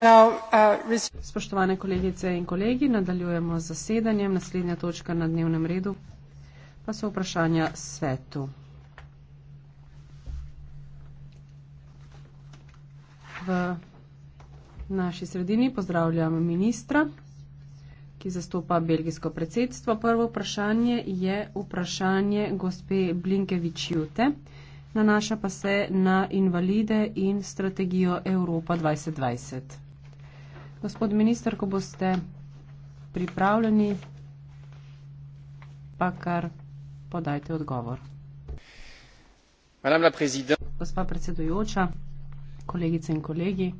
Uh, Spoštovane kolegice in kolegi, nadaljujemo z zasedanjem. Naslednja točka na dnevnem redu pa so vprašanja svetu. V naši sredini pozdravljam ministra, ki zastopa belgijsko predsedstvo. Prvo vprašanje je vprašanje gospe Blinkevič-Jute. Nanaša pa se na invalide in strategijo Evropa 2020. Gospod minister, ko boste pripravljeni, pa kar podajte odgovor. Gospa predsedujoča, kolegice in kolegi.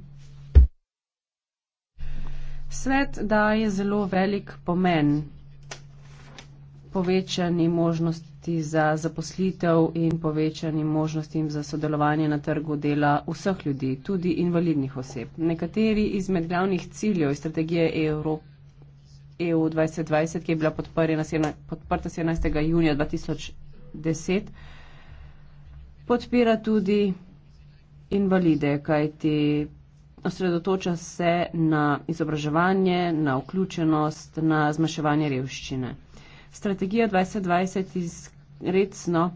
Svet daje zelo velik pomen povečani možnosti možnosti za zaposlitev in povečanim možnostim za sodelovanje na trgu dela vseh ljudi, tudi invalidnih oseb. Nekateri izmed glavnih ciljev iz strategije EU, EU 2020, ki je bila podprta 17. junija 2010, podpira tudi invalide, kajti osredotoča se na izobraževanje, na vključenost, na zmaševanje revščine. Strategija 2020 izkazuje, resno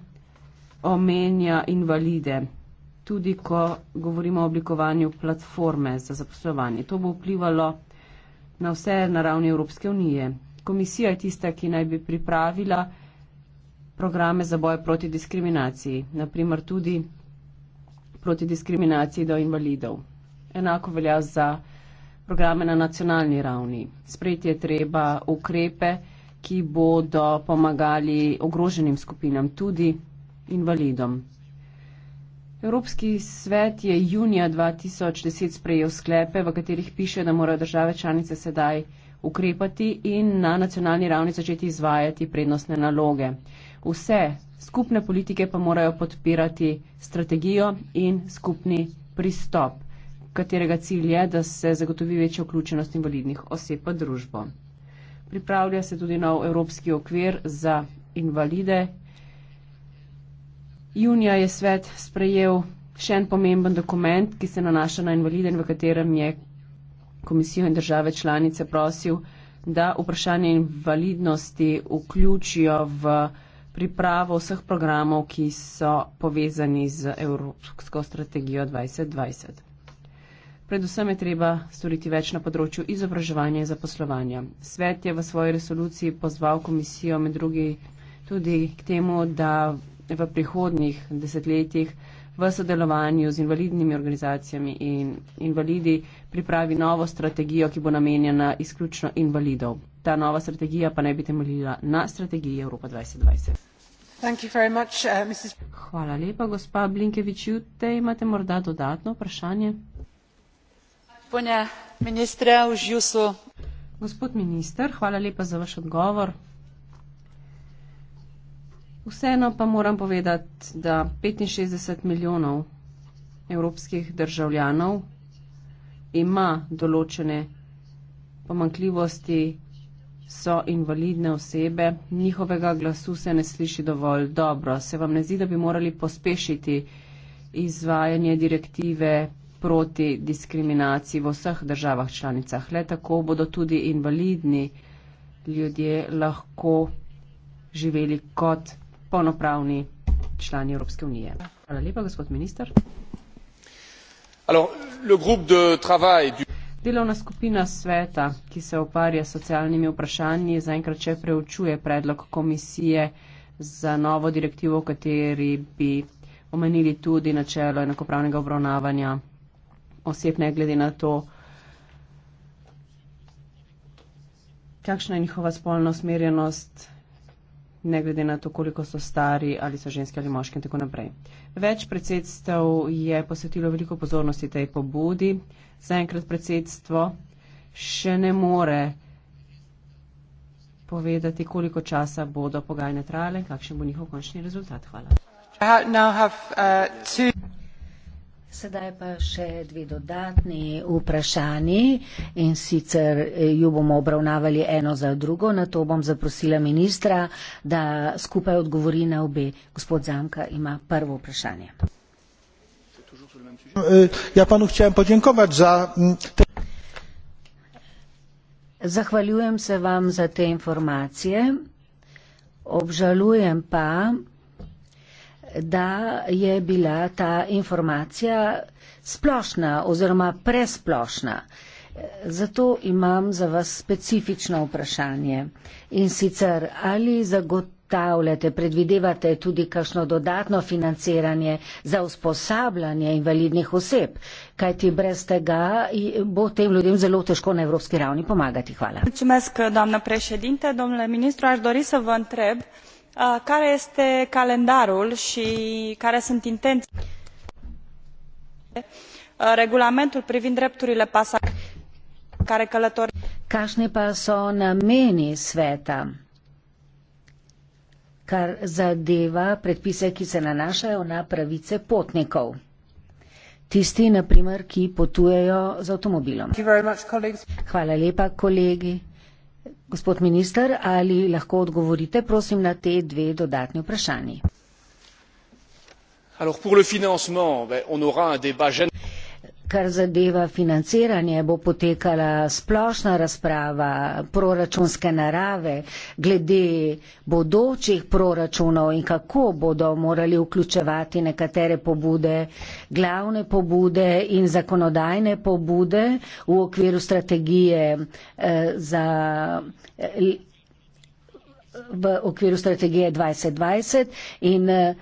omenja invalide, tudi ko govorimo o oblikovanju platforme za zaposlovanje. To bo vplivalo na vse na ravni Evropske unije. Komisija je tista, ki naj bi pripravila programe za boj proti diskriminaciji, naprimer tudi proti diskriminaciji do invalidov. Enako velja za programe na nacionalni ravni. Sprejeti je treba ukrepe, ki bodo pomagali ogroženim skupinam, tudi invalidom. Evropski svet je junija 2010 sprejel sklepe, v katerih piše, da morajo države članice sedaj ukrepati in na nacionalni ravni začeti izvajati prednostne naloge. Vse skupne politike pa morajo podpirati strategijo in skupni pristop, katerega cilj je, da se zagotovi večjo vključenost invalidnih oseb v družbo pripravlja se tudi nov evropski okvir za invalide. Junija je svet sprejel še en pomemben dokument, ki se nanaša na invalide in v katerem je komisijo in države članice prosil, da vprašanje invalidnosti vključijo v pripravo vseh programov, ki so povezani z Evropsko strategijo 2020. Predvsem je treba storiti več na področju izobraževanja in zaposlovanja. Svet je v svoji resoluciji pozval komisijo med drugim tudi k temu, da v prihodnih desetletjih v sodelovanju z invalidnimi organizacijami in invalidi pripravi novo strategijo, ki bo namenjena izključno invalidov. Ta nova strategija pa naj bi temeljila na strategiji Evropa 2020. Much, uh, Hvala lepa, gospa Blinkevič. Jutej imate morda dodatno vprašanje? Gospod minister, hvala lepa za vaš odgovor. Vseeno pa moram povedati, da 65 milijonov evropskih državljanov ima določene pomankljivosti, so invalidne osebe, njihovega glasu se ne sliši dovolj dobro. Se vam ne zdi, da bi morali pospešiti izvajanje direktive proti diskriminaciji v vseh državah članicah. Le tako bodo tudi invalidni ljudje lahko živeli kot polnopravni člani Evropske unije. Hvala lepa, gospod minister. Delovna skupina sveta, ki se oparja s socialnimi vprašanji, zaenkrat še preučuje predlog komisije za novo direktivo, v kateri bi omenili tudi načelo enakopravnega obravnavanja oseb, ne glede na to, kakšna je njihova spolna usmerjenost, ne glede na to, koliko so stari ali so ženski ali moški in tako naprej. Več predsedstv je posvetilo veliko pozornosti tej pobudi. Zaenkrat predsedstvo še ne more povedati, koliko časa bodo pogajne trajale, kakšen bo njihov končni rezultat. Hvala. I now have uh, two. Sedaj pa še dve dodatni vprašanji in sicer eh, ju bomo obravnavali eno za drugo. Na to bom zaprosila ministra, da skupaj odgovori na obe. Gospod Zamka ima prvo vprašanje. Eh, ja, panu hočem podjenkovati za. Mm, Zahvaljujem se vam za te informacije. Obžalujem pa, da je bila ta informacija splošna oziroma presplošna. Zato imam za vas specifično vprašanje in sicer ali zagotavljate, predvidevate tudi kakšno dodatno financiranje za usposabljanje invalidnih oseb, kajti brez tega bo tem ljudem zelo težko na evropski ravni pomagati. Hvala. Če mesk, domna prešedinte, domna ministro, až dori se vam treb care este calendarul și care sunt intențiile regulamentul privind drepturile pasagerilor care călătoresc kar zadeva predpise, ki se nanašajo na pravice potnikov. Tisti, na primer, ki potujejo z avtomobilom. Hvala lepa, kolegi. Gospod minister, ali lahko odgovorite, prosim, na te dve dodatni vprašanji? Alors pour le financement, ben, on aura un débat général kar zadeva financiranje, bo potekala splošna razprava proračunske narave glede bodočih proračunov in kako bodo morali vključevati nekatere pobude, glavne pobude in zakonodajne pobude v okviru strategije eh, za. Eh, v okviru strategije 2020 in eh,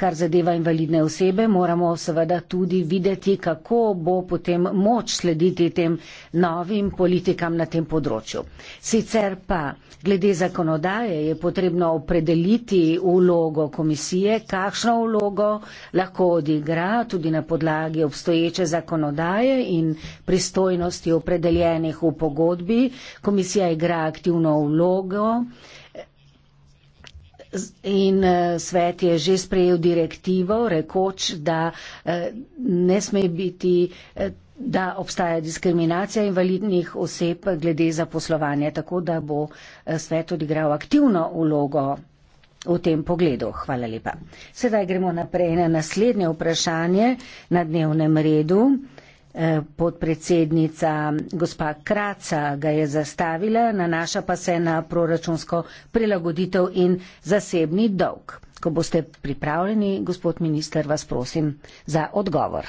kar zadeva invalidne osebe, moramo seveda tudi videti, kako bo potem moč slediti tem novim politikam na tem področju. Sicer pa glede zakonodaje je potrebno opredeliti vlogo komisije, kakšno vlogo lahko odigra tudi na podlagi obstoječe zakonodaje in pristojnosti opredeljenih v pogodbi. Komisija igra aktivno vlogo. In eh, svet je že sprejel direktivo, rekoč, da eh, ne sme biti, eh, da obstaja diskriminacija invalidnih oseb glede zaposlovanja, tako da bo svet odigral aktivno ulogo. V tem pogledu. Hvala lepa. Sedaj gremo naprej na naslednje vprašanje na dnevnem redu. Eh, podpredsednica gospa Kraca ga je zastavila, nanaša pa se na proračunsko prilagoditev in zasebni dolg. Ko boste pripravljeni, gospod minister, vas prosim za odgovor.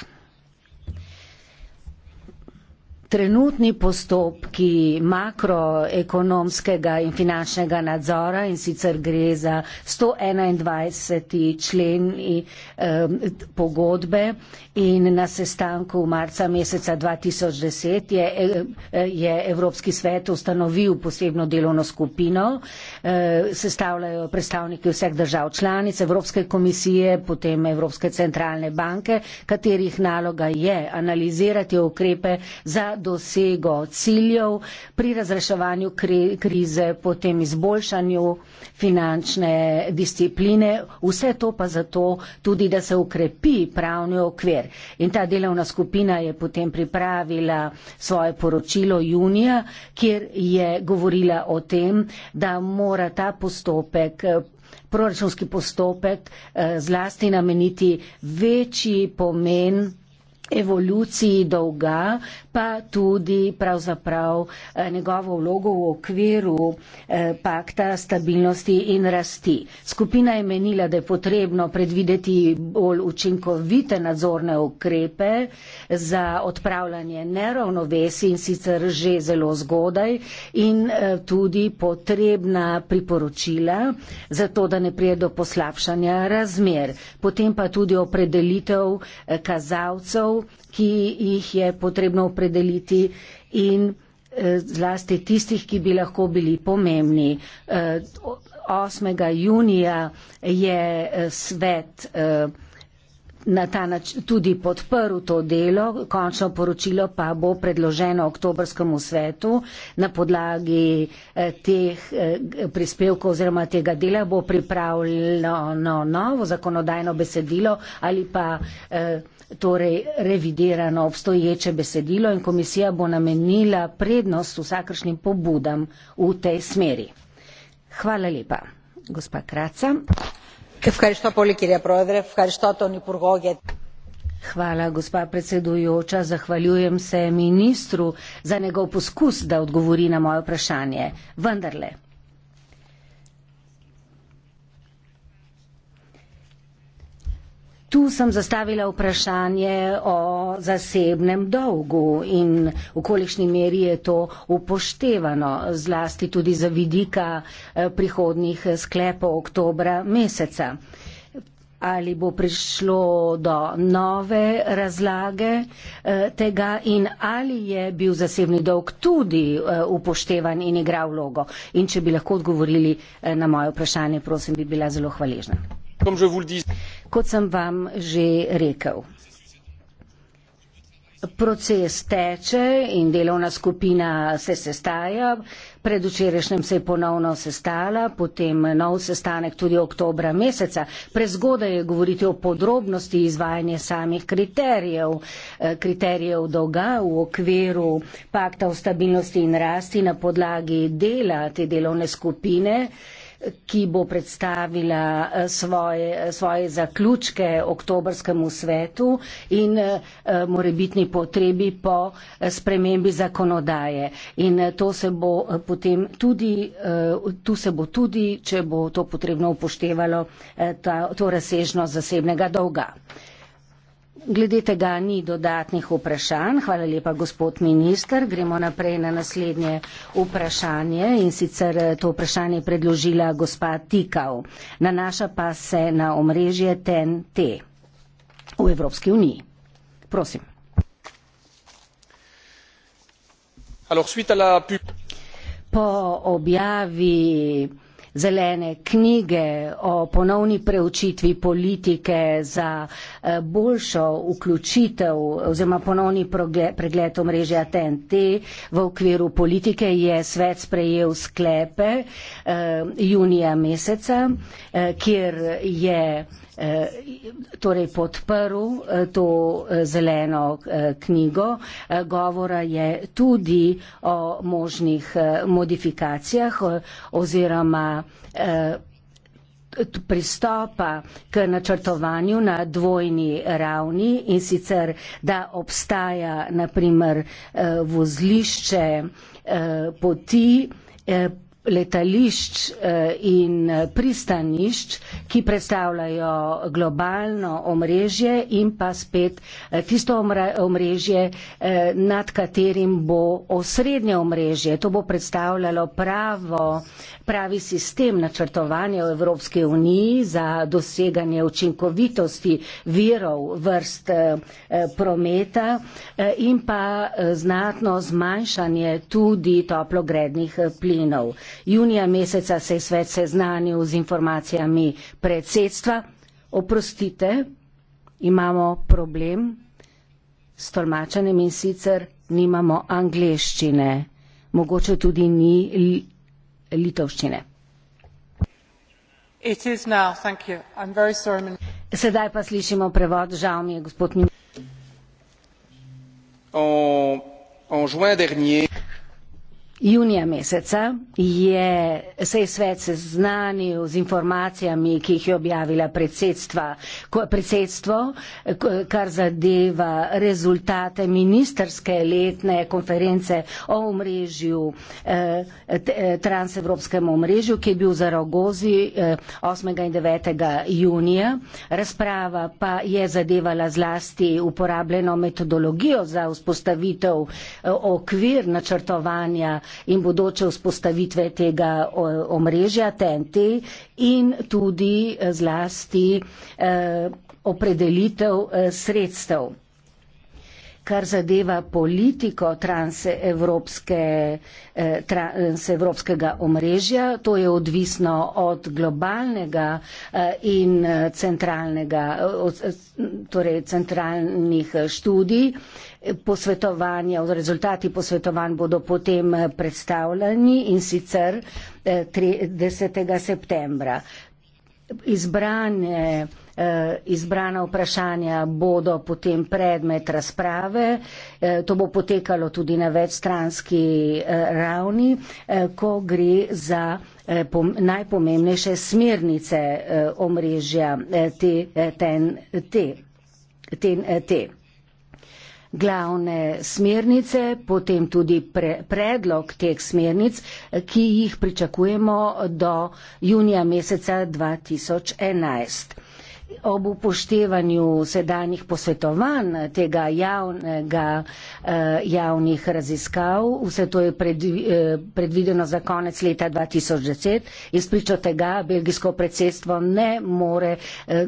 Trenutni postopki makroekonomskega in finančnega nadzora in sicer gre za 121. člen eh, pogodbe in na sestanku marca meseca 2010 je, eh, je Evropski svet ustanovil posebno delovno skupino. Eh, sestavljajo predstavniki vseh držav članic Evropske komisije, potem Evropske centralne banke, katerih naloga je analizirati ukrepe za dosego ciljev pri razreševanju krize, potem izboljšanju finančne discipline, vse to pa zato tudi, da se ukrepi pravni okvir. In ta delovna skupina je potem pripravila svoje poročilo junija, kjer je govorila o tem, da mora ta postopek proračunski postopek eh, zlasti nameniti večji pomen evoluciji dolga, pa tudi pravzaprav eh, njegovo vlogo v okviru eh, pakta stabilnosti in rasti. Skupina je menila, da je potrebno predvideti bolj učinkovite nadzorne ukrepe za odpravljanje neravnovesi in sicer že zelo zgodaj in eh, tudi potrebna priporočila za to, da ne prije do poslabšanja razmer. Potem pa tudi opredelitev kazalcev ki jih je potrebno opredeliti in eh, zlasti tistih, ki bi lahko bili pomembni. 8. Eh, junija je eh, svet na ta način tudi podprl to delo. Končno poročilo pa bo predloženo oktobrskemu svetu. Na podlagi eh, teh eh, prispevkov oziroma tega dela bo pripravljeno no, novo zakonodajno besedilo ali pa eh, torej revidirano obstoječe besedilo in komisija bo namenila prednost vsakršnim pobudam v tej smeri. Hvala lepa, gospa Kraca. Hvala, gospa predsedujoča. Zahvaljujem se ministru za njegov poskus, da odgovori na moje vprašanje. Vendarle. Tu sem zastavila vprašanje o zasebnem dolgu in v kolikšni meri je to upoštevano, zlasti tudi za vidika eh, prihodnih sklepov oktobra meseca. Ali bo prišlo do nove razlage eh, tega in ali je bil zasebni dolg tudi eh, upoštevan in igra vlogo? In če bi lahko odgovorili na moje vprašanje, prosim, bi bila zelo hvaležna kot sem vam že rekel. Proces teče in delovna skupina se sestaja. Predvčerajšnjem se je ponovno sestala, potem nov sestanek tudi oktobra meseca. Prezgodaj je govoriti o podrobnosti izvajanja samih kriterijev, eh, kriterijev dolga v okviru pakta o stabilnosti in rasti na podlagi dela te delovne skupine ki bo predstavila eh, svoje, eh, svoje zaključke oktobrskemu svetu in eh, morebitni potrebi po spremembi zakonodaje. In to se bo potem tudi, tu se bo tudi, če bo to potrebno upoštevalo, ta, to razsežnost zasebnega dolga. Glede tega ni dodatnih vprašanj. Hvala lepa, gospod minister. Gremo naprej na naslednje vprašanje in sicer eh, to vprašanje je predložila gospa Tikav. Nanaša pa se na omrežje TNT v Evropski uniji. Prosim. Po objavi zelene knjige, o ponovni preučitvi politike za eh, boljšo vključitev oziroma ponovni pregled omrežja TNT v okviru politike je svet sprejel sklepe eh, junija meseca, eh, kjer je Eh, torej podprl eh, to eh, zeleno knjigo. Govora je tudi o možnih modifikacijah oziroma pristopa k načrtovanju na dvojni ravni in sicer, da obstaja naprimer vozlišče poti letališč eh, in eh, pristanišč, ki predstavljajo globalno omrežje in pa spet eh, tisto omrežje, nad katerim bo osrednje omrežje. To bo predstavljalo pravo, pravi sistem načrtovanja v Evropske uniji za doseganje učinkovitosti virov vrst prometa in pa znatno zmanjšanje tudi toplogrednih plinov. Junija meseca se je svet seznanil z informacijami predsedstva. Oprostite, imamo problem s tolmačenjem in sicer nimamo angleščine, mogoče tudi ni litovščine. Sedaj pa slišimo prevod, žal mi je, gospod Mimir. Junija meseca je, se je svet seznanil z informacijami, ki jih je objavila predsedstvo, kar zadeva rezultate ministerske letne konference o omrežju, eh, eh, transevropskem omrežju, ki je bil v Zaragozi 8. Eh, in 9. junija. Razprava pa je zadevala zlasti uporabljeno metodologijo za vzpostavitev okvir načrtovanja in bodoče vzpostavitve tega omrežja TNT in tudi eh, zlasti eh, opredelitev eh, sredstev kar zadeva politiko transevropske, eh, transevropskega omrežja. To je odvisno od globalnega eh, in eh, centralnega, torej centralnih študij. Posvetovanja, rezultati posvetovanj bodo potem predstavljeni in sicer 30. septembra. Izbranje Eh, izbrana vprašanja bodo potem predmet razprave, eh, to bo potekalo tudi na večstranski eh, ravni, ko gre za najpomembnejše smernice omrežja TNT. Glavne smernice, potem tudi pre, predlog teh smernic, ki jih pričakujemo do junija meseca 2011. Ob upoštevanju sedanjih posvetovanj tega javnega, eh, javnih raziskav, vse to je eh, predvideno za konec leta 2010 in spričo tega belgijsko predsedstvo ne more, eh,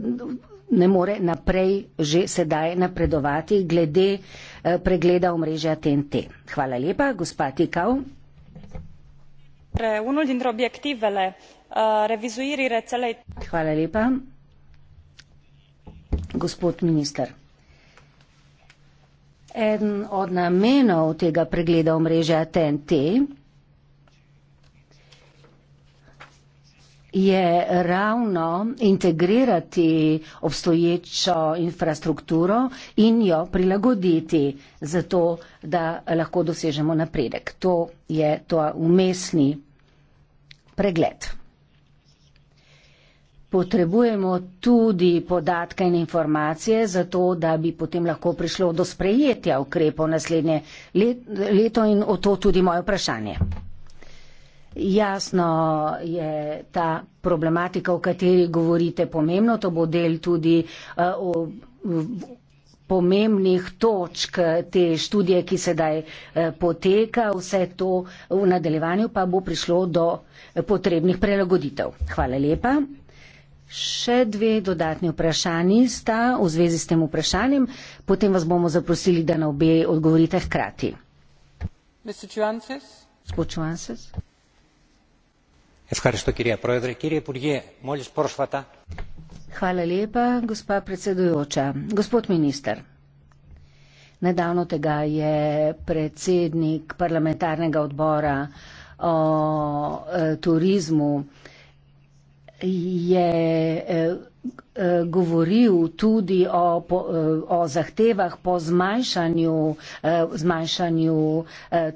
ne more naprej že sedaj napredovati glede pregleda omrežja TNT. Hvala lepa, gospa Tikav. Hvala lepa. Gospod minister. Eden od namenov tega pregleda omrežja TNT je ravno integrirati obstoječo infrastrukturo in jo prilagoditi zato, da lahko dosežemo napredek. To je to umestni pregled. Potrebujemo tudi podatke in informacije za to, da bi potem lahko prišlo do sprejetja ukrepov naslednje let, leto in o to tudi moje vprašanje. Jasno je ta problematika, o kateri govorite, pomembno. To bo del tudi uh, o, v, pomembnih točk te študije, ki sedaj uh, poteka. Vse to v nadaljevanju pa bo prišlo do eh, potrebnih prelagoditev. Hvala lepa. Še dve dodatni vprašanji sta v zvezi s tem vprašanjem, potem vas bomo zaprosili, da na obe odgovorite hkrati. Hvala lepa, gospa predsedujoča. Gospod minister, nedavno tega je predsednik parlamentarnega odbora o e, turizmu je eh, eh, govoril tudi o, po, eh, o zahtevah po zmanjšanju, zmanjšanju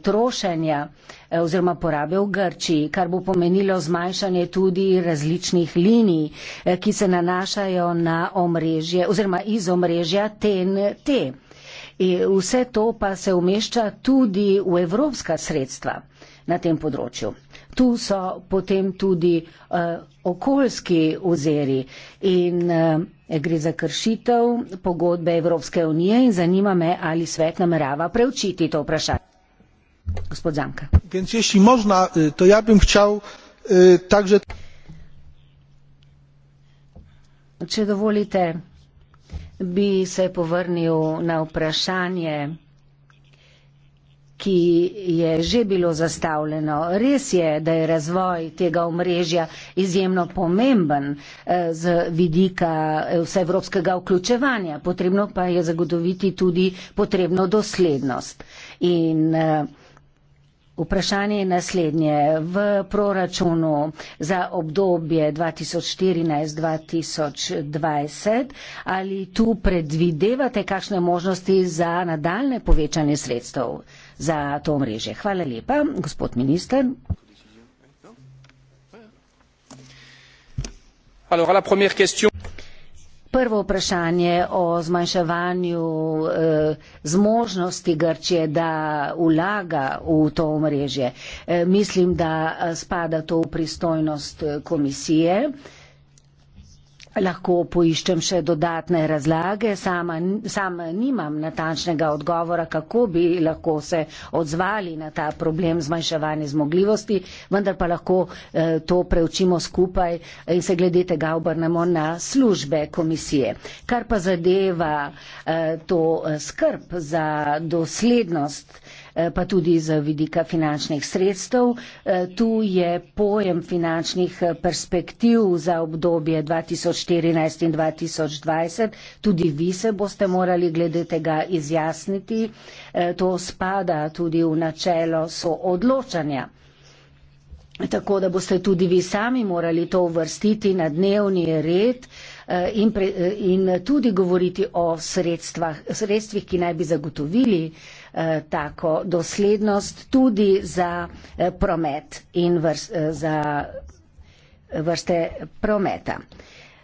trošenja oziroma porabe v Grčiji, kar bo pomenilo zmanjšanje tudi različnih linij, ki se nanašajo na omrežje oziroma iz omrežja TNT. Vse to pa se umešča tudi v evropska sredstva na tem področju tu so potem tudi uh, okoljski ozeri in uh, gre za kršitev pogodbe Evropske unije in zanima me, ali svet namerava preučiti to vprašanje. Gospod Zanka. Więc jeśli można, to ja bym chciał y, także. Če dovolite, bi se povrnil na vprašanje ki je že bilo zastavljeno. Res je, da je razvoj tega omrežja izjemno pomemben eh, z vidika eh, vseevropskega vključevanja. Potrebno pa je zagotoviti tudi potrebno doslednost. In, uh, Vprašanje je naslednje. V proračunu za obdobje 2014-2020 ali tu predvidevate kakšne možnosti za nadaljne povečanje sredstev za to mreže? Hvala lepa, gospod minister. Alors, la première question. Prvo vprašanje o zmanjševanju e, zmožnosti Grčije, da vlaga v to omrežje. E, mislim, da eh, spada to v pristojnost komisije. E, Lahko poiščem še dodatne razlage, sama, sama nimam natančnega odgovora, kako bi lahko se odzvali na ta problem zmanjševanja zmogljivosti, vendar pa lahko eh, to preučimo skupaj in se glede tega obrnemo na službe komisije. Kar pa zadeva eh, to eh, skrb za doslednost eh, Eh, pa tudi z vidika finančnih sredstev. Eh, tu je pojem finančnih eh, perspektiv za obdobje 2014 in 2020. Tudi vi se boste morali glede tega izjasniti. To spada tudi v načelo soodločanja. Tako da boste tudi vi sami morali to uvrstiti na dnevni red in, pre, in tudi govoriti o sredstvih, ki naj bi zagotovili Eh, tako doslednost tudi za eh, promet in vrst, eh, za vrste prometa.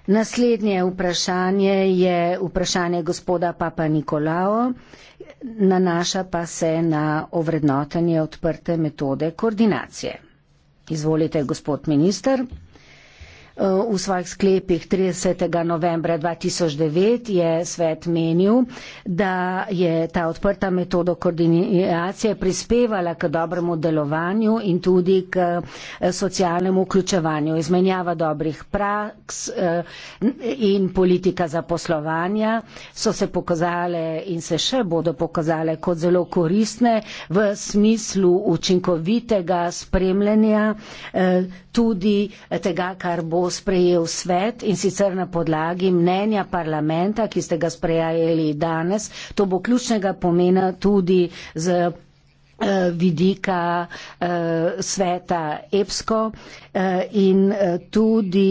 Naslednje vprašanje je vprašanje gospoda Papa Nikolao, nanaša pa se na ovrednotenje odprte metode koordinacije. Izvolite, gospod minister. Eh, v svojih sklepih 30. novembra 2009 je svet menil, da je ta odprta metoda koordinacije prispevala k dobremu delovanju in tudi k eh, socialnemu vključevanju. Izmenjava dobrih praks eh, in politika zaposlovanja so se pokazale in se še bodo pokazale kot zelo koristne v smislu učinkovitega spremljanja tudi eh, tega, kar bo sprejel svet in sicer na podlagi mnenja parlamenta, ki ste ga sprejeli danes. To bo ključnega pomena tudi z eh, vidika eh, sveta EPSKO in tudi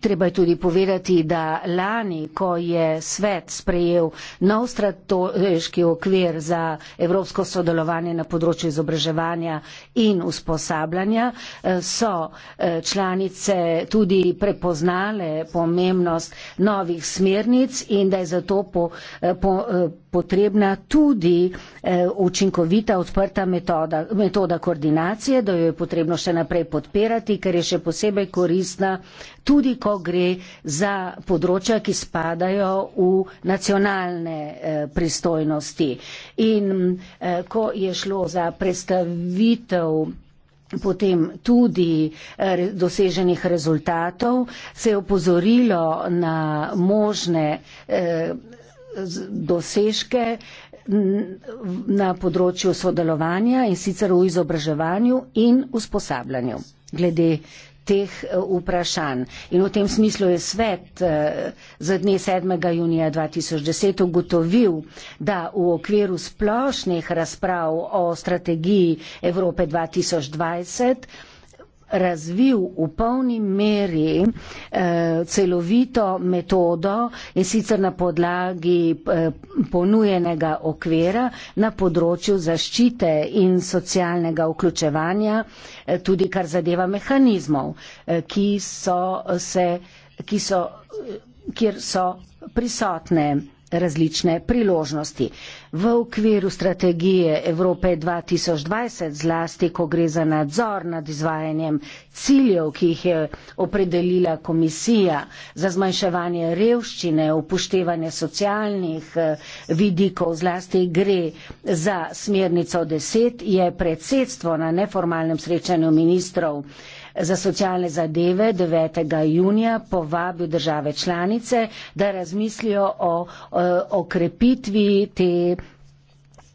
Treba je tudi povedati, da lani, ko je svet sprejel nov strateški okvir za evropsko sodelovanje na področju izobraževanja in usposabljanja, eh, so eh, članice tudi prepoznale pomembnost novih smernic in da je zato po, eh, po, potrebna tudi učinkovita odprta metoda, metoda koordinacije, da jo je potrebno še naprej podpirati, ker je še posebej koristna tudi ko gre za področja, ki spadajo v nacionalne eh, pristojnosti. In eh, ko je šlo za predstavitev potem tudi eh, doseženih rezultatov, se je opozorilo na možne dosežke na področju sodelovanja in sicer v izobraževanju in usposabljanju glede teh eh, vprašanj. In v tem smislu je svet eh, za dne 7. junija 2010 ugotovil, da v okviru splošnih razprav o strategiji Evrope 2020 razvil v polni meri eh, celovito metodo in sicer na podlagi eh, ponujenega okvira na področju zaščite in socialnega vključevanja, eh, tudi kar zadeva mehanizmov, eh, ki so se, ki so, eh, kjer so prisotne različne priložnosti. V okviru strategije Evrope 2020, zlasti ko gre za nadzor nad izvajanjem ciljev, ki jih je opredelila komisija za zmanjševanje revščine, upoštevanje socialnih eh, vidikov, zlasti gre za smernico 10, je predsedstvo na neformalnem srečanju ministrov za socialne zadeve 9. junija povabil države članice, da razmislijo o okrepitvi te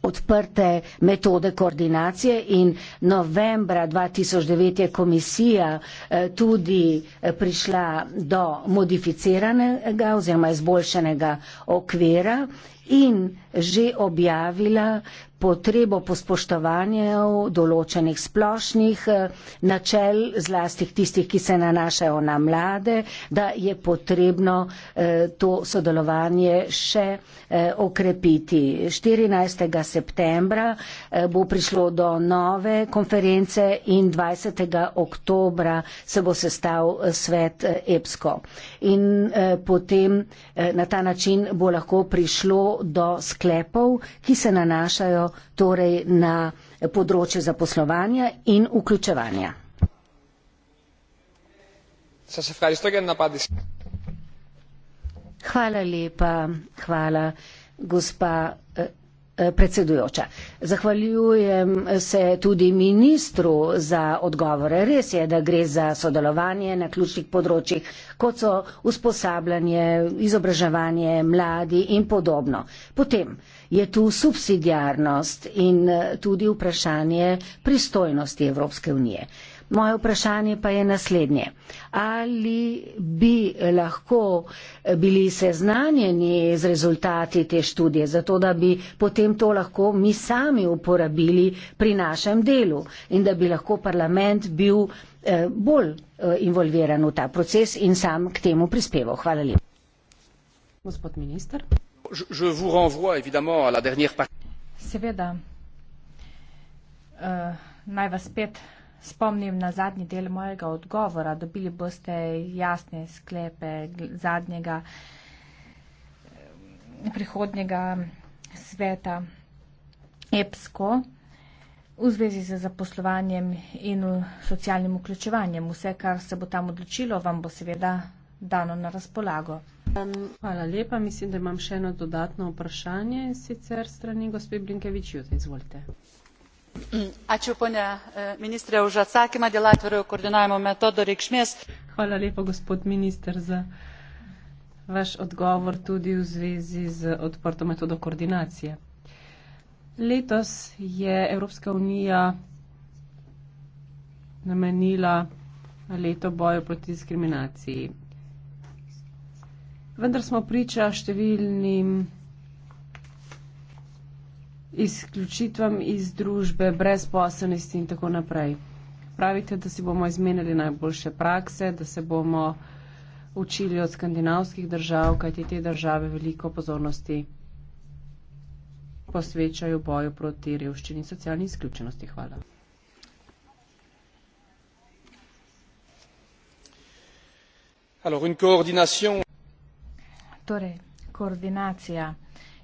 odprte metode koordinacije in novembra 2009 je komisija eh, tudi eh, prišla do modificiranega oziroma izboljšanega okvira in že objavila potrebo po spoštovanju določenih splošnih eh, načel, zlasti tistih, ki se nanašajo na mlade, da je potrebno eh, to sodelovanje še eh, okrepiti. 14. septembra bo prišlo do nove konference in 20. oktobra se bo sestal svet EPSKO. In potem na ta način bo lahko prišlo do sklepanja sklepov, ki se nanašajo torej na področje zaposlovanja in vključevanja. Hvala lepa, hvala gospa. Eh, Eh, predsedujoča. Zahvaljujem se tudi ministru za odgovore. Res je, da gre za sodelovanje na ključnih področjih, kot so usposabljanje, izobraževanje, mladi in podobno. Potem je tu subsidijarnost in eh, tudi vprašanje pristojnosti Evropske unije. Moje vprašanje pa je naslednje. Ali bi lahko bili seznanjeni z rezultati te študije, zato da bi potem to lahko mi sami uporabili pri našem delu in da bi lahko parlament bil eh, bolj eh, involviran v ta proces in sam k temu prispeval. Hvala lepa. Gospod minister. Seveda. Uh, naj vas spet spomnim na zadnji del mojega odgovora. Dobili boste jasne sklepe zadnjega eh, prihodnjega sveta EPSKO v zvezi z zaposlovanjem in socialnim vključevanjem. Vse, kar se bo tam odločilo, vam bo seveda dano na razpolago. Um, hvala lepa. Mislim, da imam še eno dodatno vprašanje sicer strani gospe Blinkevič. Jutri, izvolite. Mm, ačiū pone ministre už atsakymą dėl atvirojo koordinavimo metodo reikšmės. Hvala lepa, gospod minister, za vaš odgovor tudi v zvezi z odprto metodo koordinacije. Letos je Evropska unija namenila leto boju proti diskriminaciji. Vendar smo priča številnim izključitvam iz družbe, brezposobnosti in tako naprej. Pravite, da si bomo izmenjali najboljše prakse, da se bomo učili od skandinavskih držav, kajti te države veliko pozornosti posvečajo boju proti revščini in socialni izključenosti. Hvala. Torej, koordinacija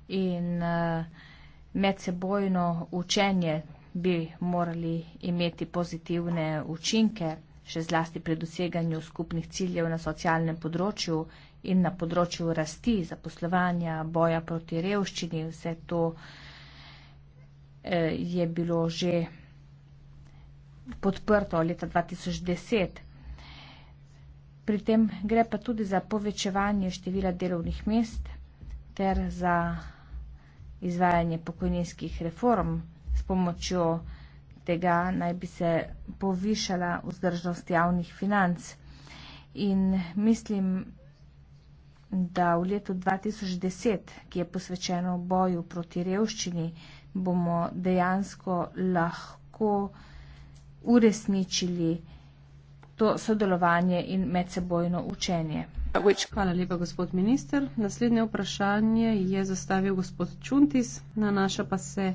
in uh, medsebojno učenje bi morali imeti pozitivne učinke, še zlasti pri doseganju skupnih ciljev na socialnem področju in na področju rasti, zaposlovanja, boja proti revščini. Vse to eh, je bilo že podprto leta 2010. Pri tem gre pa tudi za povečevanje števila delovnih mest ter za izvajanje pokojninskih reform s pomočjo tega naj bi se povišala vzdržnost javnih financ. In mislim, da v letu 2010, ki je posvečeno boju proti revščini, bomo dejansko lahko uresničili to sodelovanje in medsebojno učenje. Hvala lepa, gospod minister. Naslednje vprašanje je zastavil gospod Čuntis, nanaša pa se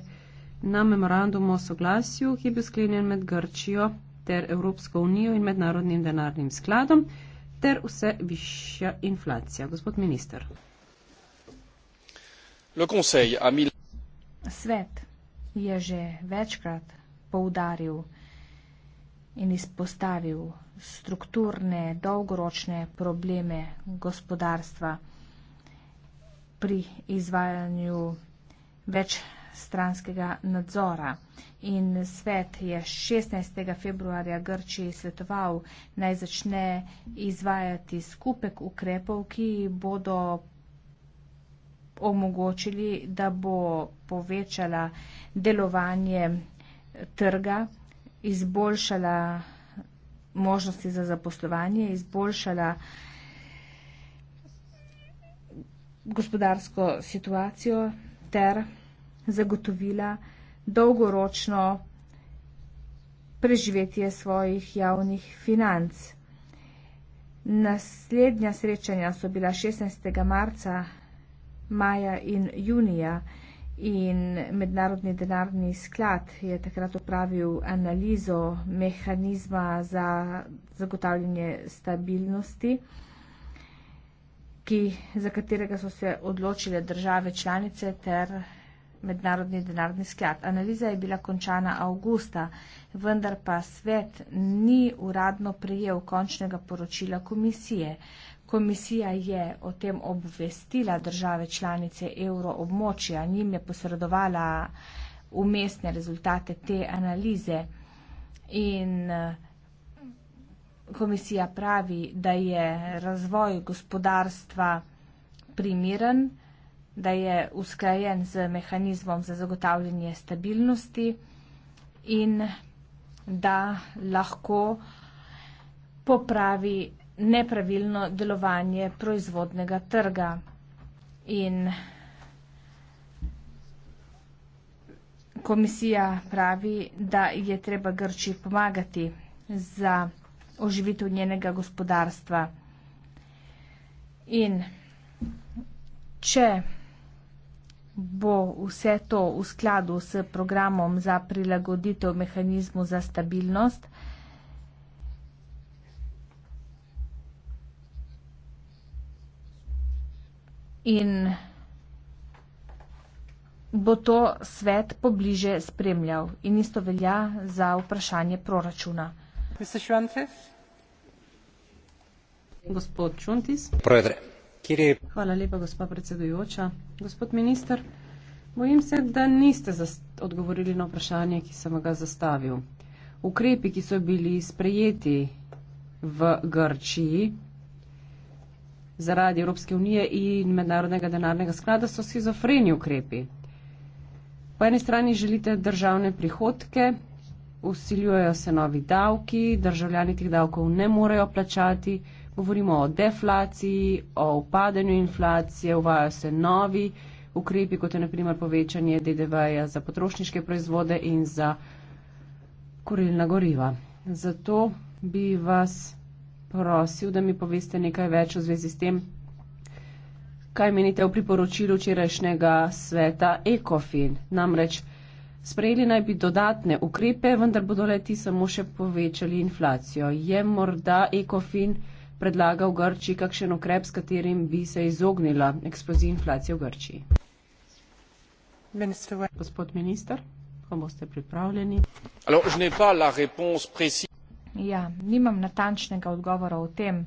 na memorandum o soglasju, ki je bil sklenjen med Grčijo ter Evropsko unijo in mednarodnim denarnim skladom ter vse višja inflacija. Gospod minister. Svet je že večkrat poudaril, in izpostavil strukturne, dolgoročne probleme gospodarstva pri izvajanju večstranskega nadzora. In svet je 16. februarja Grčiji svetoval naj začne izvajati skupek ukrepov, ki bodo omogočili, da bo povečala delovanje trga izboljšala možnosti za zaposlovanje, izboljšala gospodarsko situacijo ter zagotovila dolgoročno preživetje svojih javnih financ. Naslednja srečanja so bila 16. marca, maja in junija In mednarodni denarni sklad je takrat upravil analizo mehanizma za zagotavljanje stabilnosti, ki, za katerega so se odločile države članice ter mednarodni denarni sklad. Analiza je bila končana avgusta, vendar pa svet ni uradno prijel končnega poročila komisije. Komisija je o tem obvestila države članice evroobmočja, njim je posredovala umestne rezultate te analize in eh, komisija pravi, da je razvoj gospodarstva primiren, da je usklajen z mehanizmom za zagotavljanje stabilnosti in da lahko popravi nepravilno delovanje proizvodnega trga. In komisija pravi, da je treba Grči pomagati za oživitev njenega gospodarstva. In če bo vse to v skladu s programom za prilagoditev mehanizmu za stabilnost, in bo to svet pobliže spremljal. In isto velja za vprašanje proračuna. Gospod Čuntis. Predre. Hvala lepa, gospa predsedujoča. Gospod minister, bojim se, da niste odgovorili na vprašanje, ki sem ga zastavil. Ukrepi, ki so bili sprejeti v Grčiji, zaradi Evropske unije in mednarodnega denarnega sklada so schizofreni ukrepi. Po eni strani želite državne prihodke, usiljujejo se novi davki, državljani teh davkov ne morejo plačati, govorimo o deflaciji, o upadanju inflacije, uvajajo se novi ukrepi, kot je naprimer povečanje DDV-ja za potrošniške proizvode in za kurilna goriva. Zato bi vas prosil, da mi poveste nekaj več v zvezi s tem, kaj menite v priporočilu včerajšnjega sveta ECOFIN. Namreč sprejeli naj bi dodatne ukrepe, vendar bodo leti samo še povečali inflacijo. Je morda ECOFIN predlagal Grči kakšen ukrep, s katerim bi se izognila eksploziji inflacije v Grčiji? Minister. Gospod minister, ko boste pripravljeni. Alors, Ja, nimam natančnega odgovora o tem,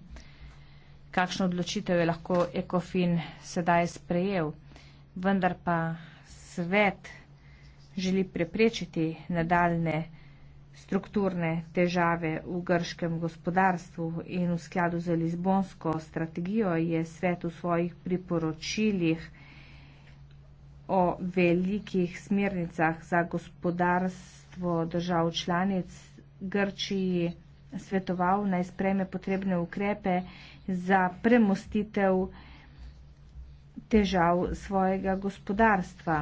kakšno odločitev je lahko ECOFIN sedaj sprejel, vendar pa svet želi preprečiti nadaljne strukturne težave v grškem gospodarstvu in v skladu z Lizbonsko strategijo je svet v svojih priporočilih o velikih smernicah za gospodarstvo držav članic Grčiji svetoval naj spreme potrebne ukrepe za premostitev težav svojega gospodarstva.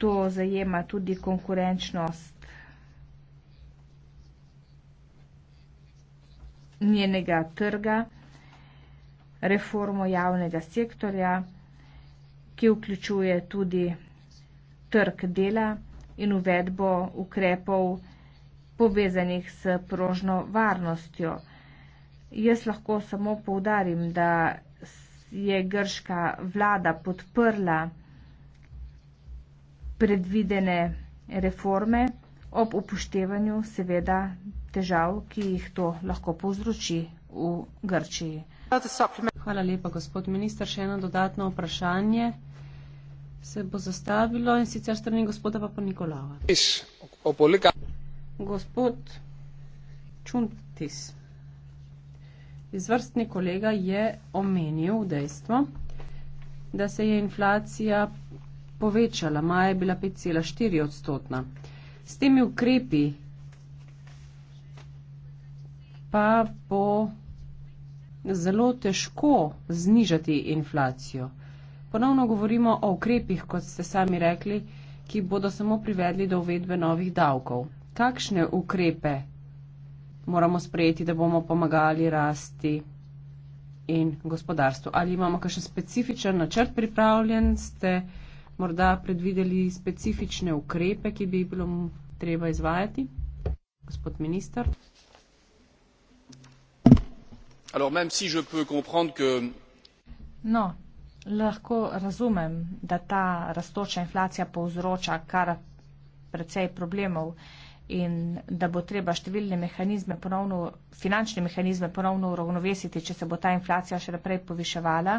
To zajema tudi konkurenčnost njenega trga, reformo javnega sektorja, ki vključuje tudi trg dela in uvedbo ukrepov, povezanih s prožno varnostjo. Jaz lahko samo poudarim, da je grška vlada podprla predvidene reforme ob upoštevanju seveda težav, ki jih to lahko povzroči v Grčiji. Hvala lepa, gospod minister. Še eno dodatno vprašanje se bo zastavilo in sicer strani gospoda Papa Nikolava. Gospod Čuntis, izvrstni kolega je omenil dejstvo, da se je inflacija povečala, maja je bila 5,4 odstotna. S temi ukrepi pa bo zelo težko znižati inflacijo. Ponovno govorimo o ukrepih, kot ste sami rekli, ki bodo samo privedli do uvedbe novih davkov kakšne ukrepe moramo sprejeti, da bomo pomagali rasti in gospodarstvu. Ali imamo kakšen specifičen načrt pripravljen, ste morda predvideli specifične ukrepe, ki bi bilo treba izvajati, gospod minister? Alors, même si je peux comprendre que... No, lahko razumem, da ta raztoča inflacija povzroča kar precej problemov. Uh, in da bo treba številne mehanizme ponovno, finančne mehanizme ponovno uravnovesiti, če se bo ta inflacija še naprej poviševala.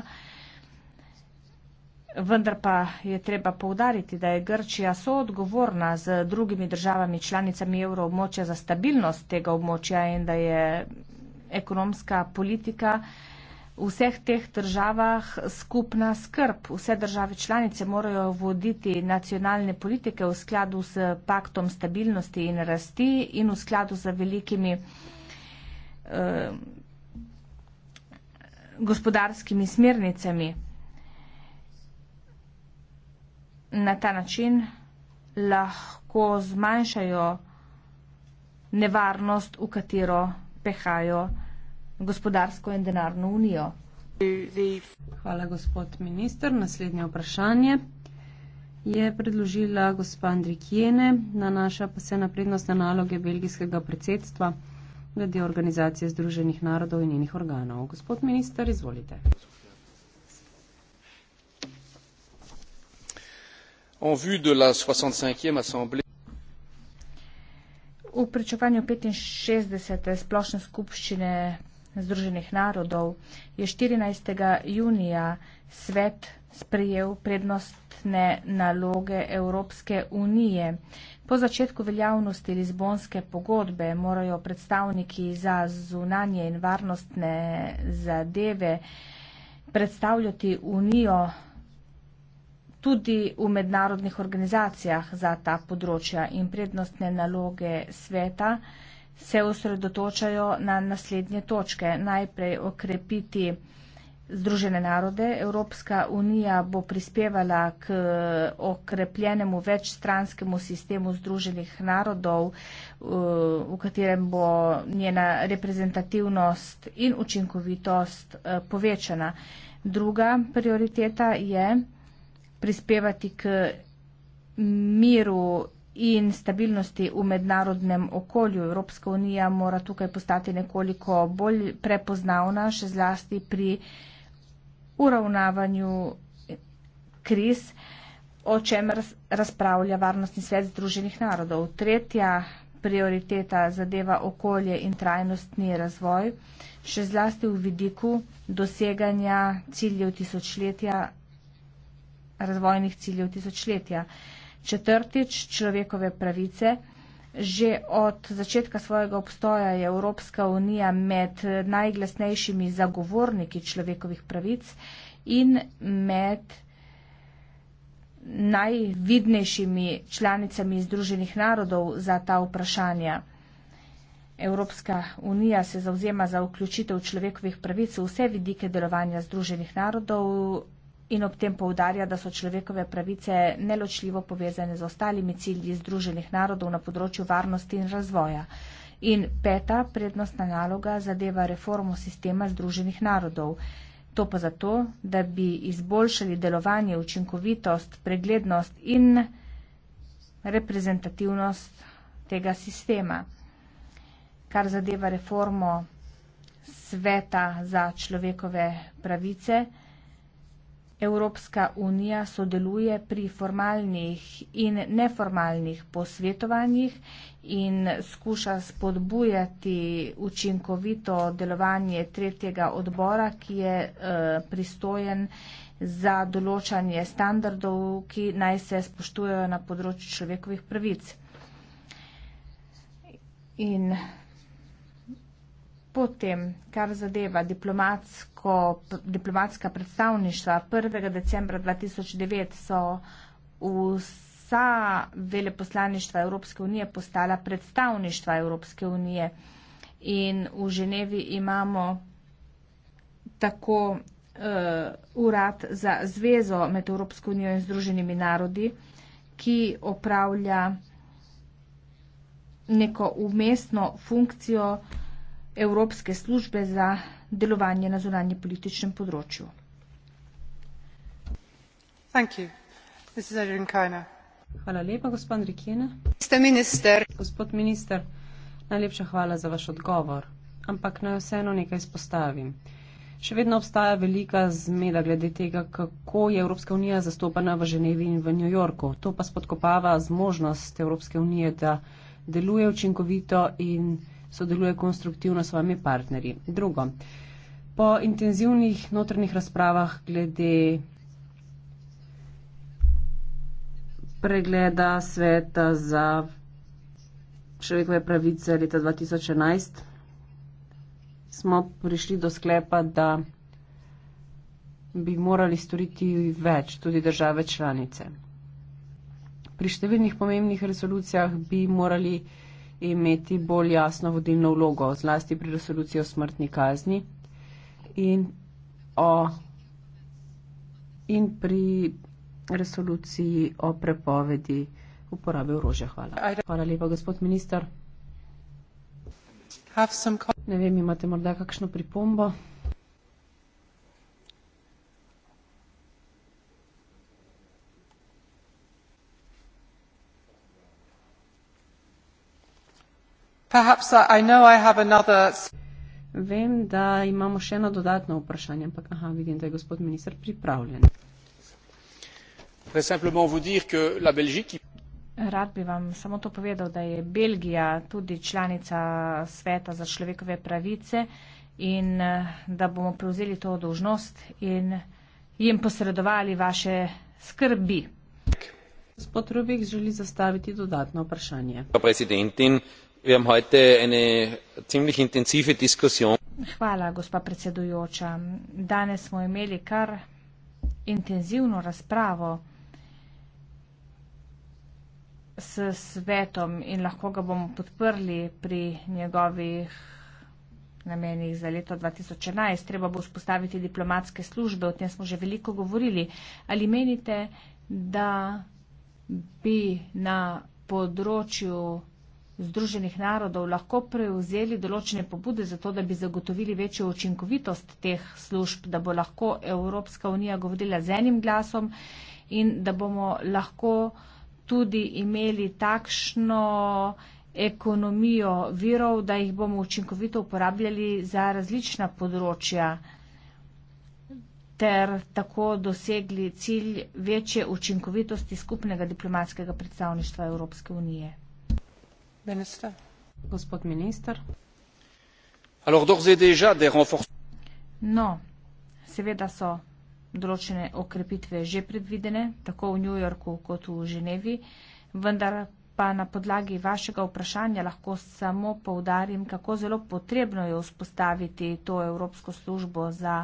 Vendar pa je treba povdariti, da je Grčija soodgovorna z drugimi državami članicami evroobmočja za stabilnost tega območja in da je ekonomska politika v vseh teh državah skupna skrb. Vse države članice morajo voditi nacionalne politike v skladu z paktom stabilnosti in rasti in v skladu z velikimi eh, gospodarskimi smernicami. Na ta način lahko zmanjšajo nevarnost, v katero pehajo gospodarsko in denarno unijo. Hvala, gospod minister. Naslednje vprašanje je predložila gospa Andrikijene, nanaša pa se na prednostne naloge belgijskega predsedstva glede organizacije Združenih narodov in njenih organov. Gospod minister, izvolite. V pričakanju 65. splošne skupščine Združenih narodov je 14. junija svet sprejel prednostne naloge Evropske unije. Po začetku veljavnosti Lizbonske pogodbe morajo predstavniki za zunanje in varnostne zadeve predstavljati unijo tudi v mednarodnih organizacijah za ta področja in prednostne naloge sveta se osredotočajo na naslednje točke. Najprej okrepiti Združene narode. Evropska unija bo prispevala k okrepljenemu večstranskemu sistemu Združenih narodov, eh, v katerem bo njena reprezentativnost in učinkovitost eh, povečana. Druga prioriteta je prispevati k miru in stabilnosti v mednarodnem okolju. Evropska unija mora tukaj postati nekoliko bolj prepoznavna, še zlasti pri uravnavanju kriz, o čemer razpravlja Varnostni svet Združenih narodov. Tretja prioriteta zadeva okolje in trajnostni razvoj, še zlasti v vidiku doseganja ciljev tisočletja, razvojnih ciljev tisočletja. Četrtič, človekove pravice. Že od začetka svojega obstoja je Evropska unija med najglasnejšimi zagovorniki človekovih pravic in med najvidnejšimi članicami Združenih narodov za ta vprašanja. Evropska unija se zauzema za vključitev človekovih pravic v vse vidike delovanja Združenih narodov, in ob tem povdarja, da so človekove pravice neločljivo povezane z ostalimi cilji Združenih narodov na področju varnosti in razvoja. In peta prednostna naloga zadeva reformo sistema Združenih narodov. To pa zato, da bi izboljšali delovanje, učinkovitost, preglednost in reprezentativnost tega sistema. Kar zadeva reformo sveta za človekove pravice, Evropska unija sodeluje pri formalnih in neformalnih posvetovanjih in skuša spodbujati učinkovito delovanje tretjega odbora, ki je eh, pristojen za določanje standardov, ki naj se spoštujejo na področju človekovih prvic. In potem, kar zadeva diplomatska predstavništva, 1. decembra 2009 so vse Vsa veleposlaništva Evropske unije postala predstavništva Evropske unije in v Ženevi imamo tako uh, urad za zvezo med Evropsko unijo in Združenimi narodi, ki opravlja neko umestno funkcijo uh, Evropske službe za delovanje na zunanje političnem področju. Hvala lepa, gospod Rikjena. Gospod minister, najlepša hvala za vaš odgovor, ampak naj vseeno nekaj spostavim. Še vedno obstaja velika zmeda glede tega, kako je Evropska unija zastopana v Ženevi in v New Yorku. To pa spodkopava zmožnost Evropske unije, da deluje učinkovito in učinkovito sodeluje konstruktivno s svojimi partnerji. Drugo, po intenzivnih notrnih razpravah glede pregleda sveta za človekove pravice leta 2011 smo prišli do sklepa, da bi morali storiti več, tudi države članice. Pri številnih pomembnih resolucijah bi morali imeti bolj jasno vodilno vlogo, zlasti pri resoluciji o smrtni kazni in, o, in pri resoluciji o prepovedi uporabe orožja. Hvala. Hvala lepa, gospod minister. Ne vem, imate morda kakšno pripombo? Vem, da imamo še eno dodatno vprašanje, ampak aha, vidim, da je gospod minister pripravljen. Rad bi vam samo to povedal, da je Belgija tudi članica sveta za človekove pravice in eh, da bomo prevzeli to dožnost in jim posredovali vaše skrbi. Gospod Rubik želi zastaviti dodatno vprašanje. Gospod predsednik. Hvala, gospa predsedujoča. Danes smo imeli kar intenzivno razpravo s svetom in lahko ga bomo podprli pri njegovih namenih za leto 2011. Treba bo vzpostaviti diplomatske službe, o tem smo že veliko govorili. Ali menite, da bi na področju Združenih narodov lahko prevzeli določene pobude za to, da bi zagotovili večjo učinkovitost teh služb, da bo lahko Evropska unija govorila z enim glasom in da bomo lahko tudi imeli takšno ekonomijo virov, da jih bomo učinkovito uporabljali za različna področja ter tako dosegli cilj večje učinkovitosti skupnega diplomatskega predstavništva Evropske unije gospod minister. No, seveda so določene okrepitve že predvidene, tako v New Yorku kot v Ženevi, vendar pa na podlagi vašega vprašanja lahko samo povdarim, kako zelo potrebno je vzpostaviti to Evropsko službo za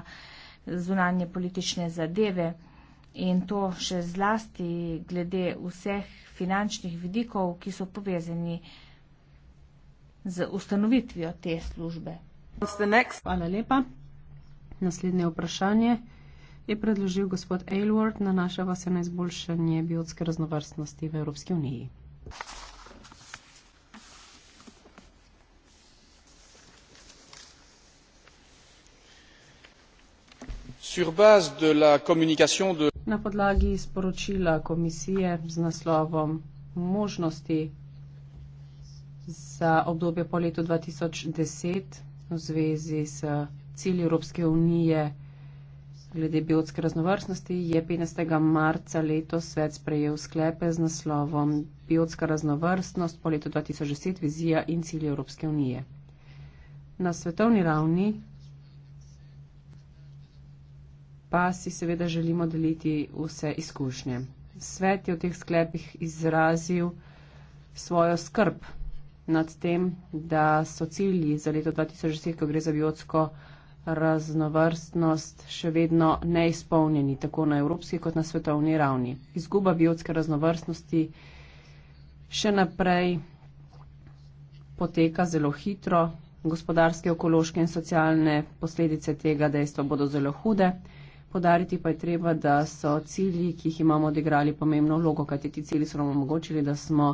zunanje politične zadeve in to še zlasti glede vseh finančnih vidikov, ki so povezani z ustanovitvijo te službe. Hvala lepa. Naslednje vprašanje je predložil gospod Aylward, nanašava se na izboljšanje biotske raznovrstnosti v Evropski uniji. Na podlagi sporočila komisije z naslovom možnosti za obdobje po letu 2010 v zvezi s cilji Evropske unije glede biotske raznovrstnosti je 15. marca leto svet sprejel sklepe z naslovom Biotska raznovrstnost po letu 2010 vizija in cilji Evropske unije. Na svetovni ravni pa si seveda želimo deliti vse izkušnje. Svet je v teh sklepih izrazil svojo skrb nad tem, da so cilji za leto 2010, ko gre za biotsko raznovrstnost, še vedno neizpolnjeni, tako na evropski kot na svetovni ravni. Izguba biotske raznovrstnosti še naprej poteka zelo hitro. Gospodarske, ekološke in socialne posledice tega dejstva bodo zelo hude. Podariti pa je treba, da so cilji, ki jih imamo odigrali pomembno vlogo, kajti ti cilji so nam omogočili, da smo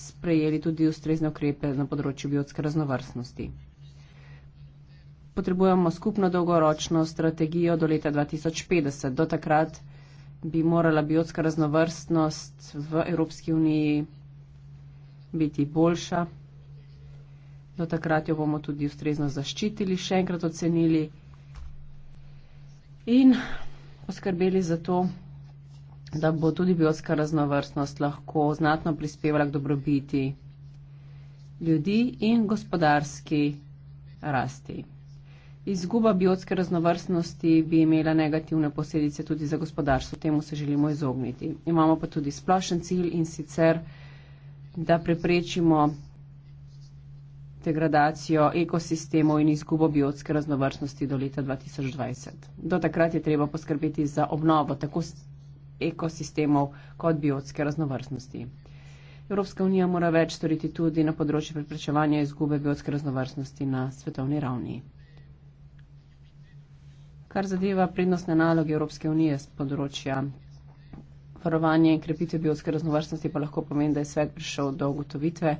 sprejeli tudi ustrezne ukrepe na področju biotske raznovrstnosti. Potrebujemo skupno dolgoročno strategijo do leta 2050. Do takrat bi morala biotska raznovrstnost v Evropski uniji biti boljša. Do takrat jo bomo tudi ustrezno zaščitili, še enkrat ocenili in poskrbeli za to, da bo tudi biotska raznovrstnost lahko znatno prispevala k dobrobiti ljudi in gospodarski rasti. Izguba biotske raznovrstnosti bi imela negativne posledice tudi za gospodarstvo, temu se želimo izogniti. Imamo pa tudi splošen cilj in sicer, da preprečimo degradacijo ekosistemov in izgubo biotske raznovrstnosti do leta 2020. Do takrat je treba poskrbeti za obnovo tako ekosistemov kot biotske raznovrstnosti. Evropska unija mora več storiti tudi na področju preprečevanja izgube biotske raznovrstnosti na svetovni ravni. Kar zadeva prednostne naloge Evropske unije z področja varovanja in krepitve biotske raznovrstnosti, pa lahko pomeni, da je svet prišel do ugotovitve,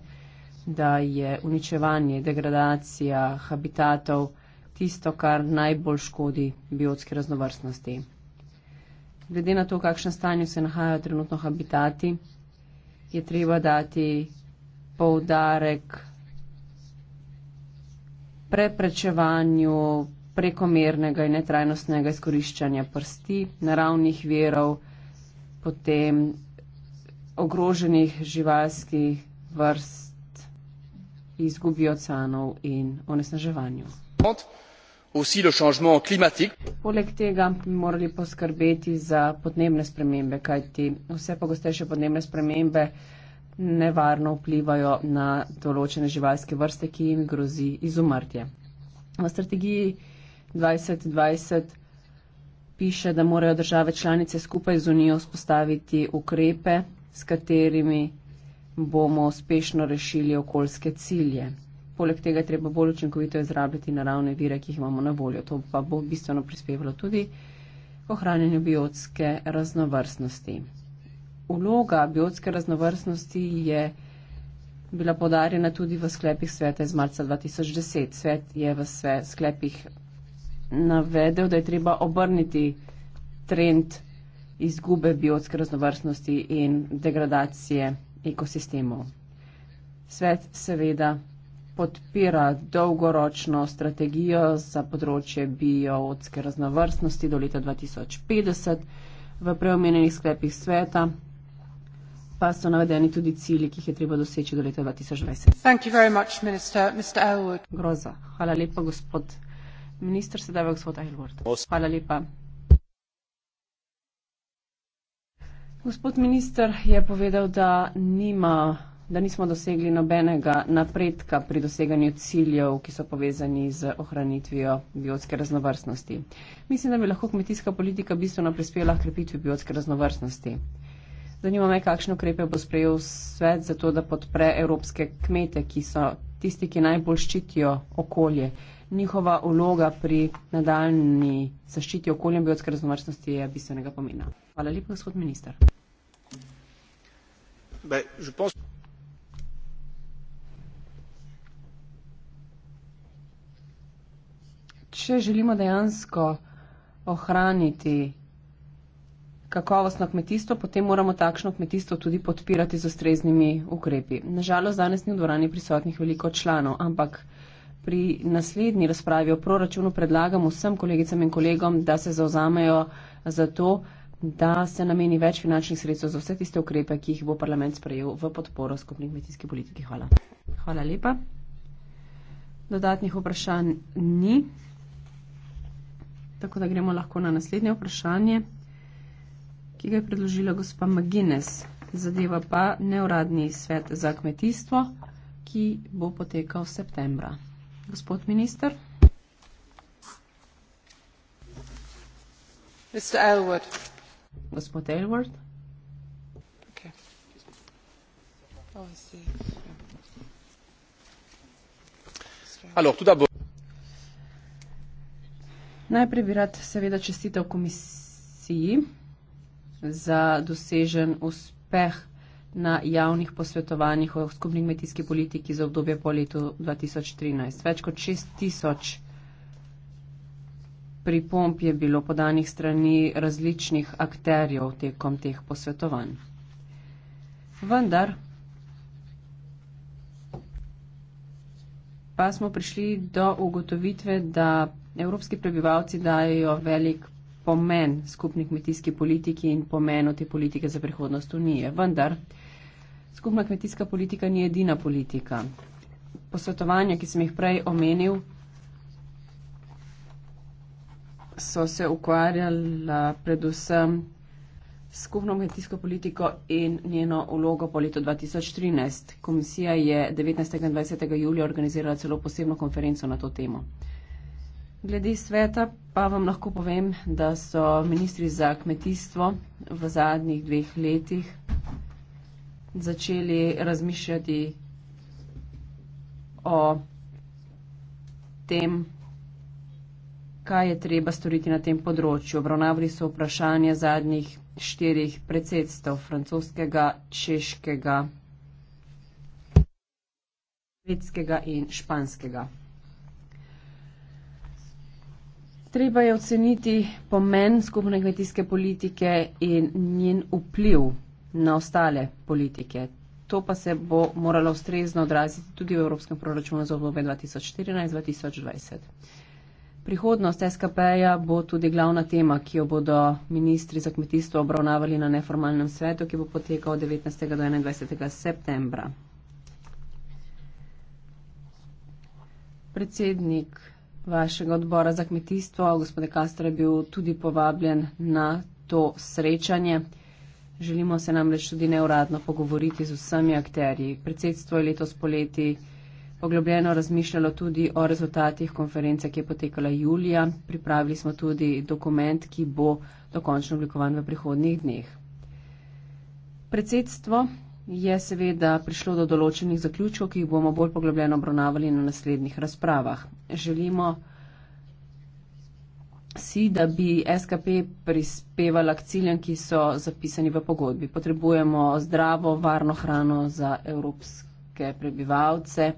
da je uničevanje, degradacija habitatov tisto, kar najbolj škodi biotski raznovrstnosti. Glede na to, v kakšnem stanju se nahajajo trenutno habitati, je treba dati poudarek preprečevanju prekomernega in netrajnostnega izkoriščanja prsti, naravnih verov, potem ogroženih živalskih vrst izgubi oceanov in onesnaževanju. Aussi le changement climatique. Poleg tega bi morali poskrbeti za podnebne spremembe, kajti vse pogostejše podnebne spremembe nevarno vplivajo na določene živalske vrste, ki jim grozi izumrtje. V strategiji 2020 piše, da morajo države članice skupaj z Unijo spostaviti ukrepe, s katerimi bomo uspešno rešili okoljske cilje. Poleg tega je treba bolj učinkovito izrabljati naravne vire, ki jih imamo na voljo. To pa bo bistveno prispevalo tudi k ohranjanju biotske raznovrstnosti. Uloga biotske raznovrstnosti je bila podarjena tudi v sklepih sveta iz marca 2010. Svet je v sklepih navedel, da je treba obrniti trend izgube biotske raznovrstnosti in degradacije ekosistemov. Svet seveda podpira dolgoročno strategijo za področje biotske raznovrstnosti do leta 2050. V preomenjenih sklepih sveta pa so navedeni tudi cilji, ki jih je treba doseči do leta 2020. Groza. Hvala lepa, gospod minister. Sedaj v gospod Aylward. Hvala lepa. Gospod minister je povedal, da, nima, da nismo dosegli nobenega napredka pri doseganju ciljev, ki so povezani z ohranitvijo biotske raznovrstnosti. Mislim, da bi lahko kmetijska politika bistveno prispela k krepitvi biotske raznovrstnosti. Zanima me, kakšne ukrepe bo sprejel svet za to, da podpre evropske kmete, ki so tisti, ki najbolj ščitijo okolje. Njihova vloga pri nadaljni zaščiti okolja in biotske raznovrstnosti je bistvenega pomena. Hvala lepa, gospod minister. Če želimo dejansko ohraniti kakovostno kmetijstvo, potem moramo takšno kmetijstvo tudi podpirati z ustreznimi ukrepi. Nažalost, danes ni v dvorani prisotnih veliko članov, ampak pri naslednji razpravi o proračunu predlagam vsem kolegicam in kolegom, da se zauzamejo za to, da se nameni več finančnih sredstev za vse tiste ukrepe, ki jih bo parlament sprejel v podporo skupnih medijskih politiki. Hvala. Hvala lepa. Dodatnih vprašanj ni. Tako da gremo lahko na naslednje vprašanje, ki ga je predložila gospa Magines. Zadeva pa neuradni svet za kmetijstvo, ki bo potekal v septembra. Gospod minister. Mr. Elwood gospod Elward. Okay. Najprej bi rad seveda čestitev komisiji za dosežen uspeh na javnih posvetovanjih o skupni kmetijski politiki za obdobje po letu 2013. Več kot 6000 pripomp je bilo podanih strani različnih akterjev tekom teh posvetovanj. Vendar pa smo prišli do ugotovitve, da evropski prebivalci dajo velik pomen skupni kmetijski politiki in pomenu te politike za prihodnost unije. Vendar skupna kmetijska politika ni edina politika. Posvetovanja, ki sem jih prej omenil, so se ukvarjala predvsem s skupno kmetijsko politiko in njeno vlogo po letu 2013. Komisija je 19. in 20. julija organizirala celo posebno konferenco na to temo. Glede sveta pa vam lahko povem, da so ministri za kmetijstvo v zadnjih dveh letih začeli razmišljati o tem, kaj je treba storiti na tem področju. Obravnavali so vprašanje zadnjih štirih predsedstv francoskega, češkega, švedskega in španskega. Treba je oceniti pomen skupne kmetijske politike in njen vpliv na ostale politike. To pa se bo moralo ustrezno odraziti tudi v evropskem proračunu za obdobje 2014-2020. Prihodnost SKP-ja bo tudi glavna tema, ki jo bodo ministri za kmetijstvo obravnavali na neformalnem svetu, ki bo potekal od 19. do 21. septembra. Predsednik vašega odbora za kmetijstvo, gospod Kastro, je bil tudi povabljen na to srečanje. Želimo se namreč tudi neuradno pogovoriti z vsemi akterji. Predsedstvo je letos poleti poglobljeno razmišljalo tudi o rezultatih konference, ki je potekala julija. Pripravili smo tudi dokument, ki bo dokončno oblikovan v prihodnjih dneh. Predsedstvo je seveda prišlo do določenih zaključkov, ki jih bomo bolj poglobljeno obravnavali na naslednjih razpravah. Želimo si, da bi SKP prispevala k ciljem, ki so zapisani v pogodbi. Potrebujemo zdravo, varno hrano za evropske prebivalce.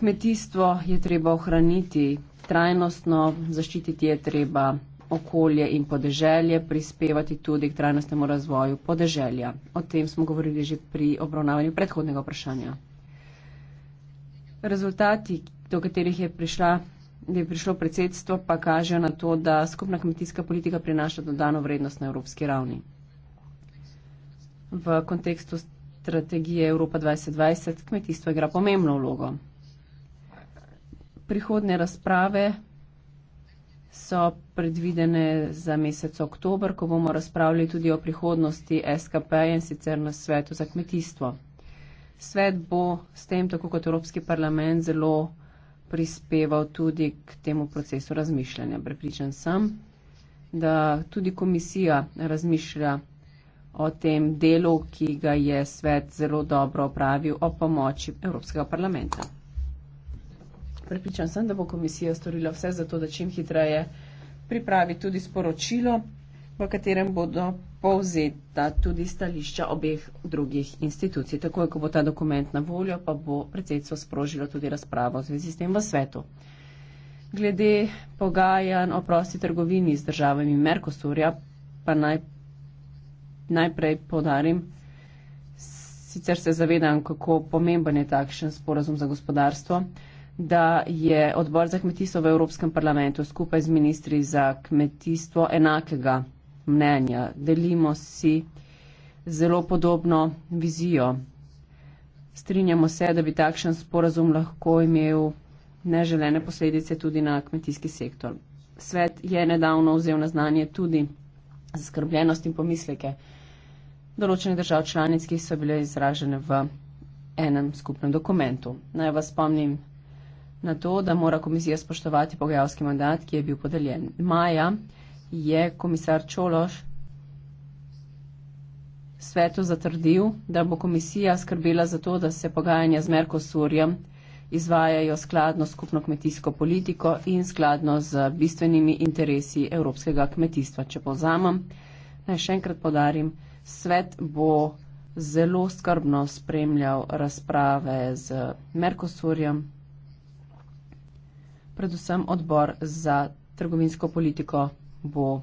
Kmetijstvo je treba ohraniti trajnostno, zaščititi je treba okolje in podeželje, prispevati tudi k trajnostnemu razvoju podeželja. O tem smo govorili že pri obravnavanju predhodnega vprašanja. Rezultati, do katerih je, prišla, je prišlo predsedstvo, pa kažejo na to, da skupna kmetijska politika prinaša dodano vrednost na evropski ravni. V kontekstu strategije Evropa 2020 kmetijstvo igra pomembno vlogo prihodne razprave so predvidene za mesec oktober, ko bomo razpravljali tudi o prihodnosti SKP in sicer na svetu za kmetijstvo. Svet bo s tem, tako kot Evropski parlament, zelo prispeval tudi k temu procesu razmišljanja. Prepričan sem, da tudi komisija razmišlja o tem delu, ki ga je svet zelo dobro opravil o pomoči Evropskega parlamenta. Pripričan sem, da bo komisija storila vse za to, da čim hitreje pripravi tudi sporočilo, v katerem bodo povzeta tudi stališča obeh drugih institucij. Takoj, ko bo ta dokument na voljo, pa bo predsedstvo sprožilo tudi razpravo v zvezi s tem v svetu. Glede pogajanj o prosti trgovini z državami Merkosurja, pa naj, najprej podarim, sicer se zavedam, kako pomemben je takšen sporazum za gospodarstvo, da je odbor za kmetijstvo v Evropskem parlamentu skupaj z ministri za kmetijstvo enakega mnenja. Delimo si zelo podobno vizijo. Strinjamo se, da bi takšen sporazum lahko imel neželene posledice tudi na kmetijski sektor. Svet je nedavno vzel na znanje tudi zaskrbljenost in pomisleke določenih držav članic, ki so bile izražene v enem skupnem dokumentu. Naj vas spomnim na to, da mora komisija spoštovati pogajalski mandat, ki je bil podeljen. Maja je komisar Čološ svetu zatrdil, da bo komisija skrbela za to, da se pogajanja z Merkosurjem izvajajo skladno s skupno kmetijsko politiko in skladno z bistvenimi interesi evropskega kmetijstva. Če povzamem, naj še enkrat podarim, svet bo zelo skrbno spremljal razprave z Merkosurjem, predvsem odbor za trgovinsko politiko bo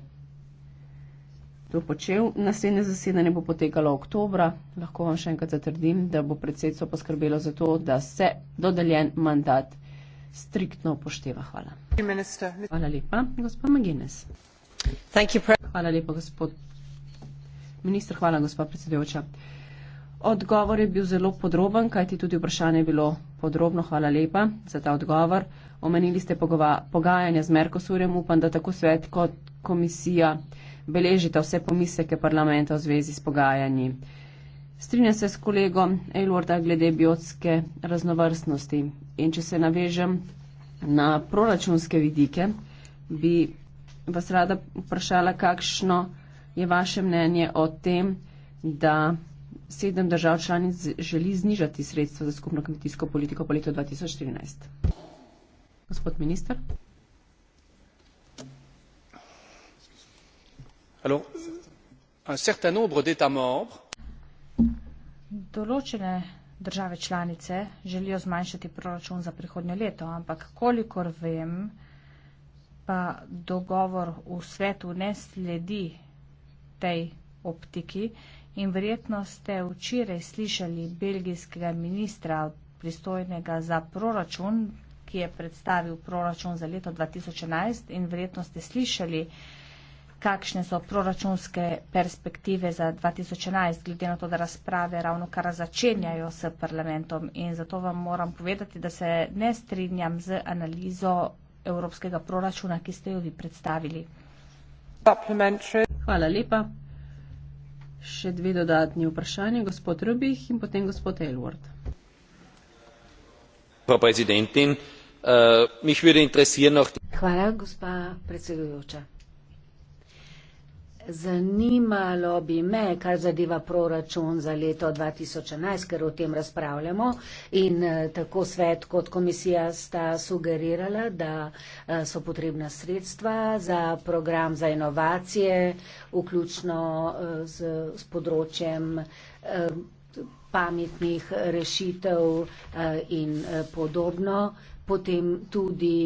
to počel. Naslednje zasedanje bo potekalo oktobra. Lahko vam še enkrat zatrdim, da bo predsedstvo poskrbelo za to, da se dodeljen mandat striktno upošteva. Hvala. Hvala lepa, gospod Magines. Hvala lepa, gospod minister. Hvala, gospod predsedujoča. Odgovor je bil zelo podroben, kajti tudi vprašanje je bilo podrobno. Hvala lepa za ta odgovor. Omenili ste pogajanja z Merkosurjem. Upam, da tako svet kot komisija beležite vse pomisleke parlamenta v zvezi s pogajanji. Strinjam se s kolegom Eilorda glede biotske raznovrstnosti. In če se navežem na proračunske vidike, bi vas rada vprašala, kakšno je vaše mnenje o tem, da sedem držav članic želi znižati sredstva za skupno kmetijsko politiko po letu 2014. Gospod minister. Alors, un certain nombre d'États membres določene države članice želijo zmanjšati proračun za prihodnje leto, ampak kolikor vem, pa dogovor v svetu ne sledi tej optiki in verjetno ste včeraj slišali belgijskega ministra pristojnega za proračun, ki je predstavil proračun za leto 2011 in verjetno ste slišali, kakšne so proračunske perspektive za 2011, glede na to, da razprave ravno kar začenjajo s parlamentom. In zato vam moram povedati, da se ne strinjam z analizo evropskega proračuna, ki ste jo vi predstavili. Hvala lepa še dve dodatni vprašanje, gospod Rubih in potem gospod Elward. Äh, Hvala, gospa predsedujoča. Zanimalo bi me, kar zadeva proračun za leto 2011, ker o tem razpravljamo in eh, tako svet kot komisija sta sugerirala, da eh, so potrebna sredstva za program za inovacije, vključno eh, z, z področjem pametnih rešitev in podobno. Potem tudi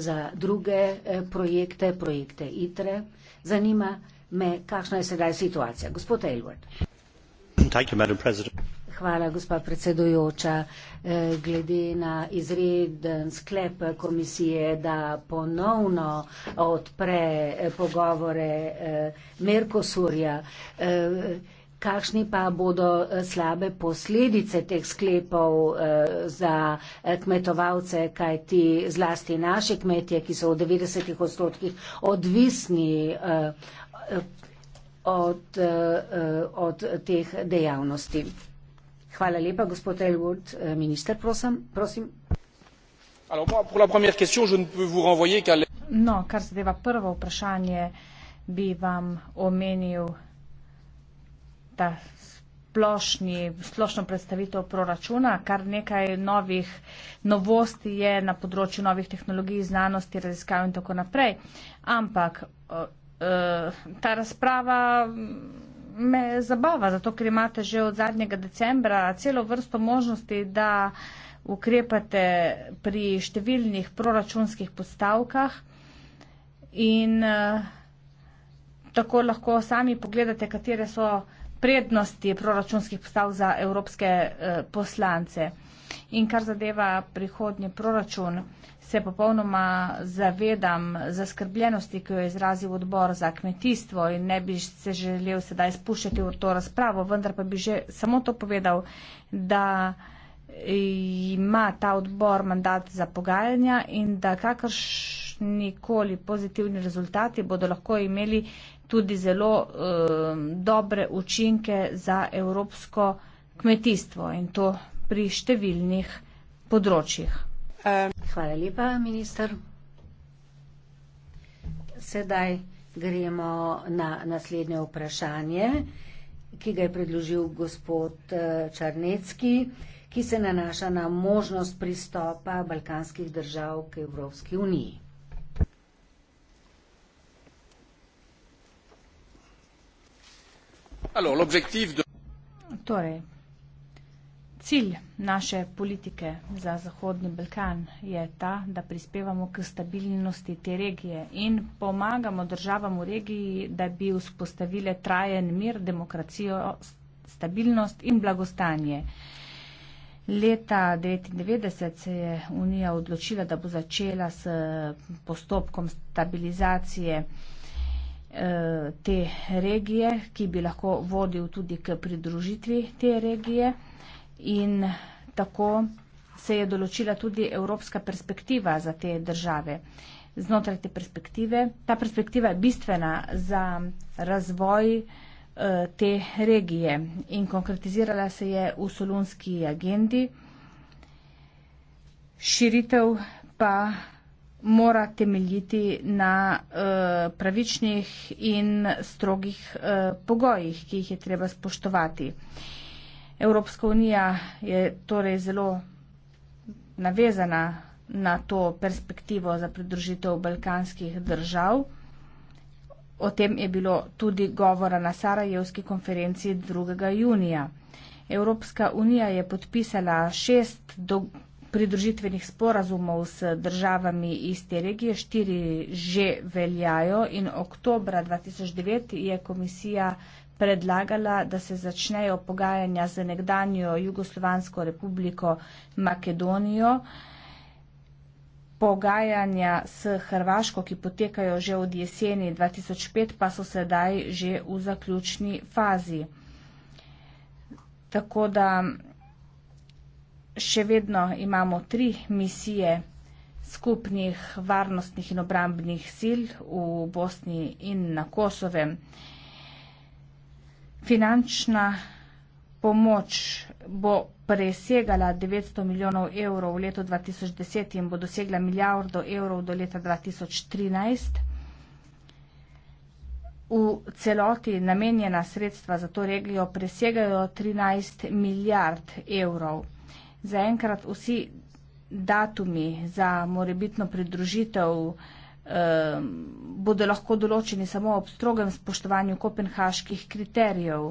za druge eh, projekte, projekte ITRE. Zanima me, kakšna je sedaj situacija. Gospod Aylward. Hvala, gospa predsedujoča. Eh, glede na izreden sklep komisije, da ponovno odpre eh, pogovore Merkosurja, Kakšne pa bodo eh, slabe posledice teh sklepov eh, za eh, kmetovalce, kaj ti zlasti naše kmetje, ki so v 90 odstotkih odvisni od, od teh dejavnosti? Hvala lepa, gospod Elwood. Minister, prosim. prosim. No, kar zadeva prvo vprašanje, bi vam omenil ta splošni, splošno predstavitev proračuna, kar nekaj novih novosti je na področju novih tehnologij, znanosti, raziskav in tako naprej. Ampak e, ta razprava me zabava, zato ker imate že od zadnjega decembra celo vrsto možnosti, da ukrepate pri številnih proračunskih postavkah in e, tako lahko sami pogledate, katere so prednosti proračunskih postav za evropske eh, poslance. In kar zadeva prihodnji proračun, se popolnoma zavedam zaskrbljenosti, ki jo je izrazil odbor za kmetijstvo in ne bi se želel sedaj spuščati v to razpravo, vendar pa bi že samo to povedal, da ima ta odbor mandat za pogajanja in da kakršnikoli pozitivni rezultati bodo lahko imeli tudi zelo eh, dobre učinke za evropsko kmetijstvo in to pri številnih področjih. Hvala lepa, minister. Sedaj gremo na naslednje vprašanje, ki ga je predložil gospod eh, Črnecki, ki se nanaša na možnost pristopa balkanskih držav k Evropski uniji. Alors, de... Torej, cilj naše politike za Zahodni Balkan je ta, da prispevamo k stabilnosti te regije in pomagamo državam v regiji, da bi vzpostavile trajen mir, demokracijo, stabilnost in blagostanje. Leta 1999 se je Unija odločila, da bo začela s postopkom stabilizacije regije. Eh, te regije, ki bi lahko vodil tudi k pridružitvi te regije. In tako se je določila tudi evropska perspektiva za te države. Znotraj te perspektive, ta perspektiva je bistvena za razvoj eh, te regije in konkretizirala se je v solunski agendi, širitev pa mora temeljiti na uh, pravičnih in strogih uh, pogojih, ki jih je treba spoštovati. Evropska unija je torej zelo navezana na to perspektivo za pridružitev balkanskih držav. O tem je bilo tudi govora na Sarajevski konferenci 2. junija. Evropska unija je podpisala šest dogovorov pridružitvenih sporazumov s državami iz te regije. Štiri že veljajo in oktobra 2009 je komisija predlagala, da se začnejo pogajanja z nekdanjo Jugoslovansko republiko Makedonijo. Pogajanja s Hrvaško, ki potekajo že od jeseni 2005, pa so sedaj že v zaključni fazi. Tako da še vedno imamo tri misije skupnih varnostnih in obrambnih sil v Bosni in na Kosovem. Finančna pomoč bo presegala 900 milijonov evrov v letu 2010 in bo dosegla milijardo evrov do leta 2013. V celoti namenjena sredstva za to regijo presegajo 13 milijard evrov zaenkrat vsi datumi za morebitno pridružitev eh, bodo lahko določeni samo ob strogem spoštovanju kopenhaških kriterijev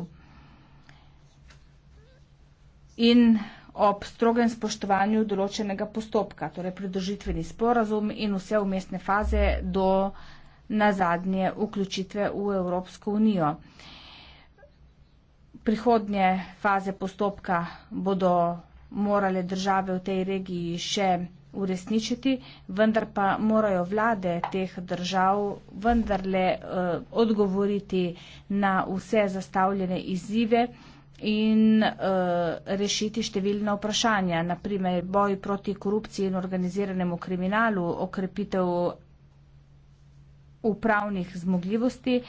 in ob strogem spoštovanju določenega postopka, torej pridružitveni sporazum in vse umestne faze do nazadnje vključitve v Evropsko unijo. Prihodnje faze postopka bodo morale države v tej regiji še uresničiti, vendar pa morajo vlade teh držav vendarle uh, odgovoriti na vse zastavljene izzive in uh, rešiti številna vprašanja, naprimer boj proti korupciji in organiziranemu kriminalu, okrepitev upravnih zmogljivosti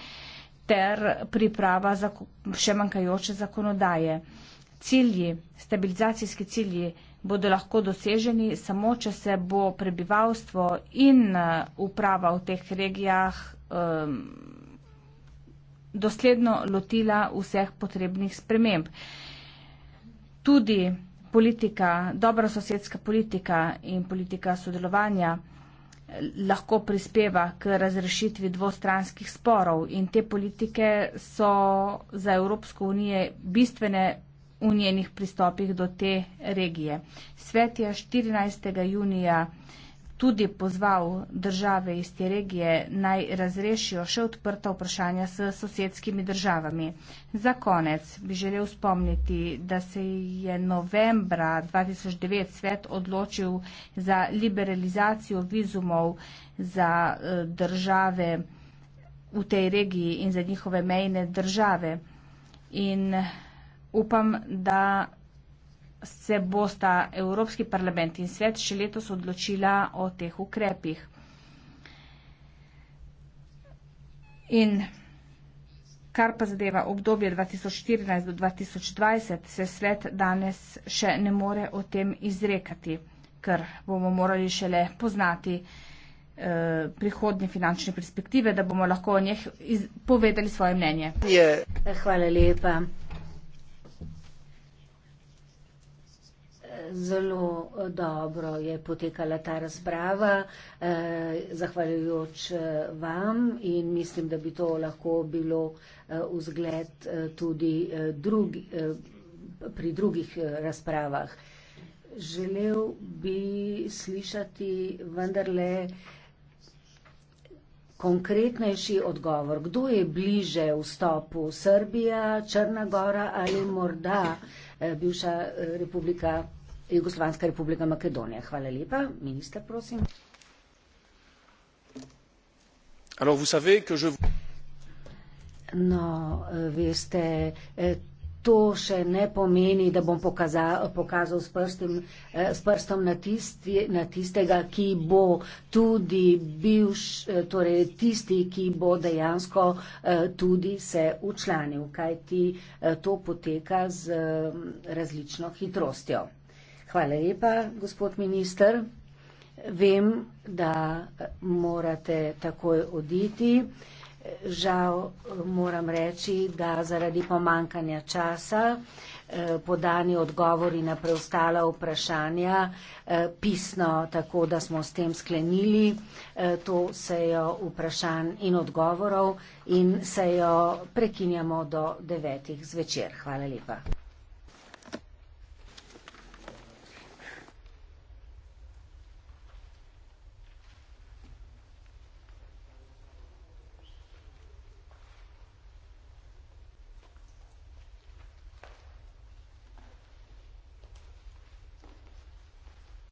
ter priprava zako še manjkajoče zakonodaje. Uh, cilji, stabilizacijski cilji bodo lahko doseženi samo, če se bo prebivalstvo in eh, uprava v teh regijah um, dosledno lotila vseh potrebnih sprememb. Tudi politika, dobra sosedska politika in politika sodelovanja eh, lahko prispeva k razrešitvi dvostranskih sporov in te politike so za Evropsko unijo bistvene v njenih pristopih do te regije. Svet je 14. junija tudi pozval države iz te regije naj razrešijo še odprta vprašanja s sosedskimi državami. Za konec bi želel spomniti, da se je novembra 2009 svet odločil za liberalizacijo vizumov za e, države v tej regiji in za njihove mejne države. In upam, da se bosta Evropski parlament in svet še letos odločila o teh ukrepih. In kar pa zadeva obdobje 2014 do 2020, se svet danes še ne more o tem izrekati, ker bomo morali šele poznati eh, prihodnje finančne perspektive, da bomo lahko o njih povedali svoje mnenje. Yeah. Hvala lepa. zelo eh, dobro je potekala ta razprava, eh, zahvaljujoč eh, vam in mislim, da bi to lahko bilo vzgled tudi drugi, pri drugih razpravah. Želel bi slišati vendarle konkretnejši odgovor. Kdo je bliže vstopu Srbija, Črna Gora ali morda bivša republika Jugoslovanska republika Makedonija. Hvala lepa. Minister, prosim. Alors, vous savez, que je... No, veste, eh, to še ne pomeni, da bom pokazal, pokazal s, prstim, eh, s prstom na, tisti, na tistega, ki bo tudi bil, eh, torej tisti, ki bo dejansko tudi se učlanil, kajti to poteka z mm, različno hitrostjo. Hvala lepa, gospod minister. Vem, da morate takoj oditi. Žal moram reči, da zaradi pomankanja časa eh, podani odgovori na preostala vprašanja eh, pisno, tako da smo s tem sklenili eh, to sejo vprašanj in odgovorov in sejo prekinjamo do devetih zvečer. Hvala lepa.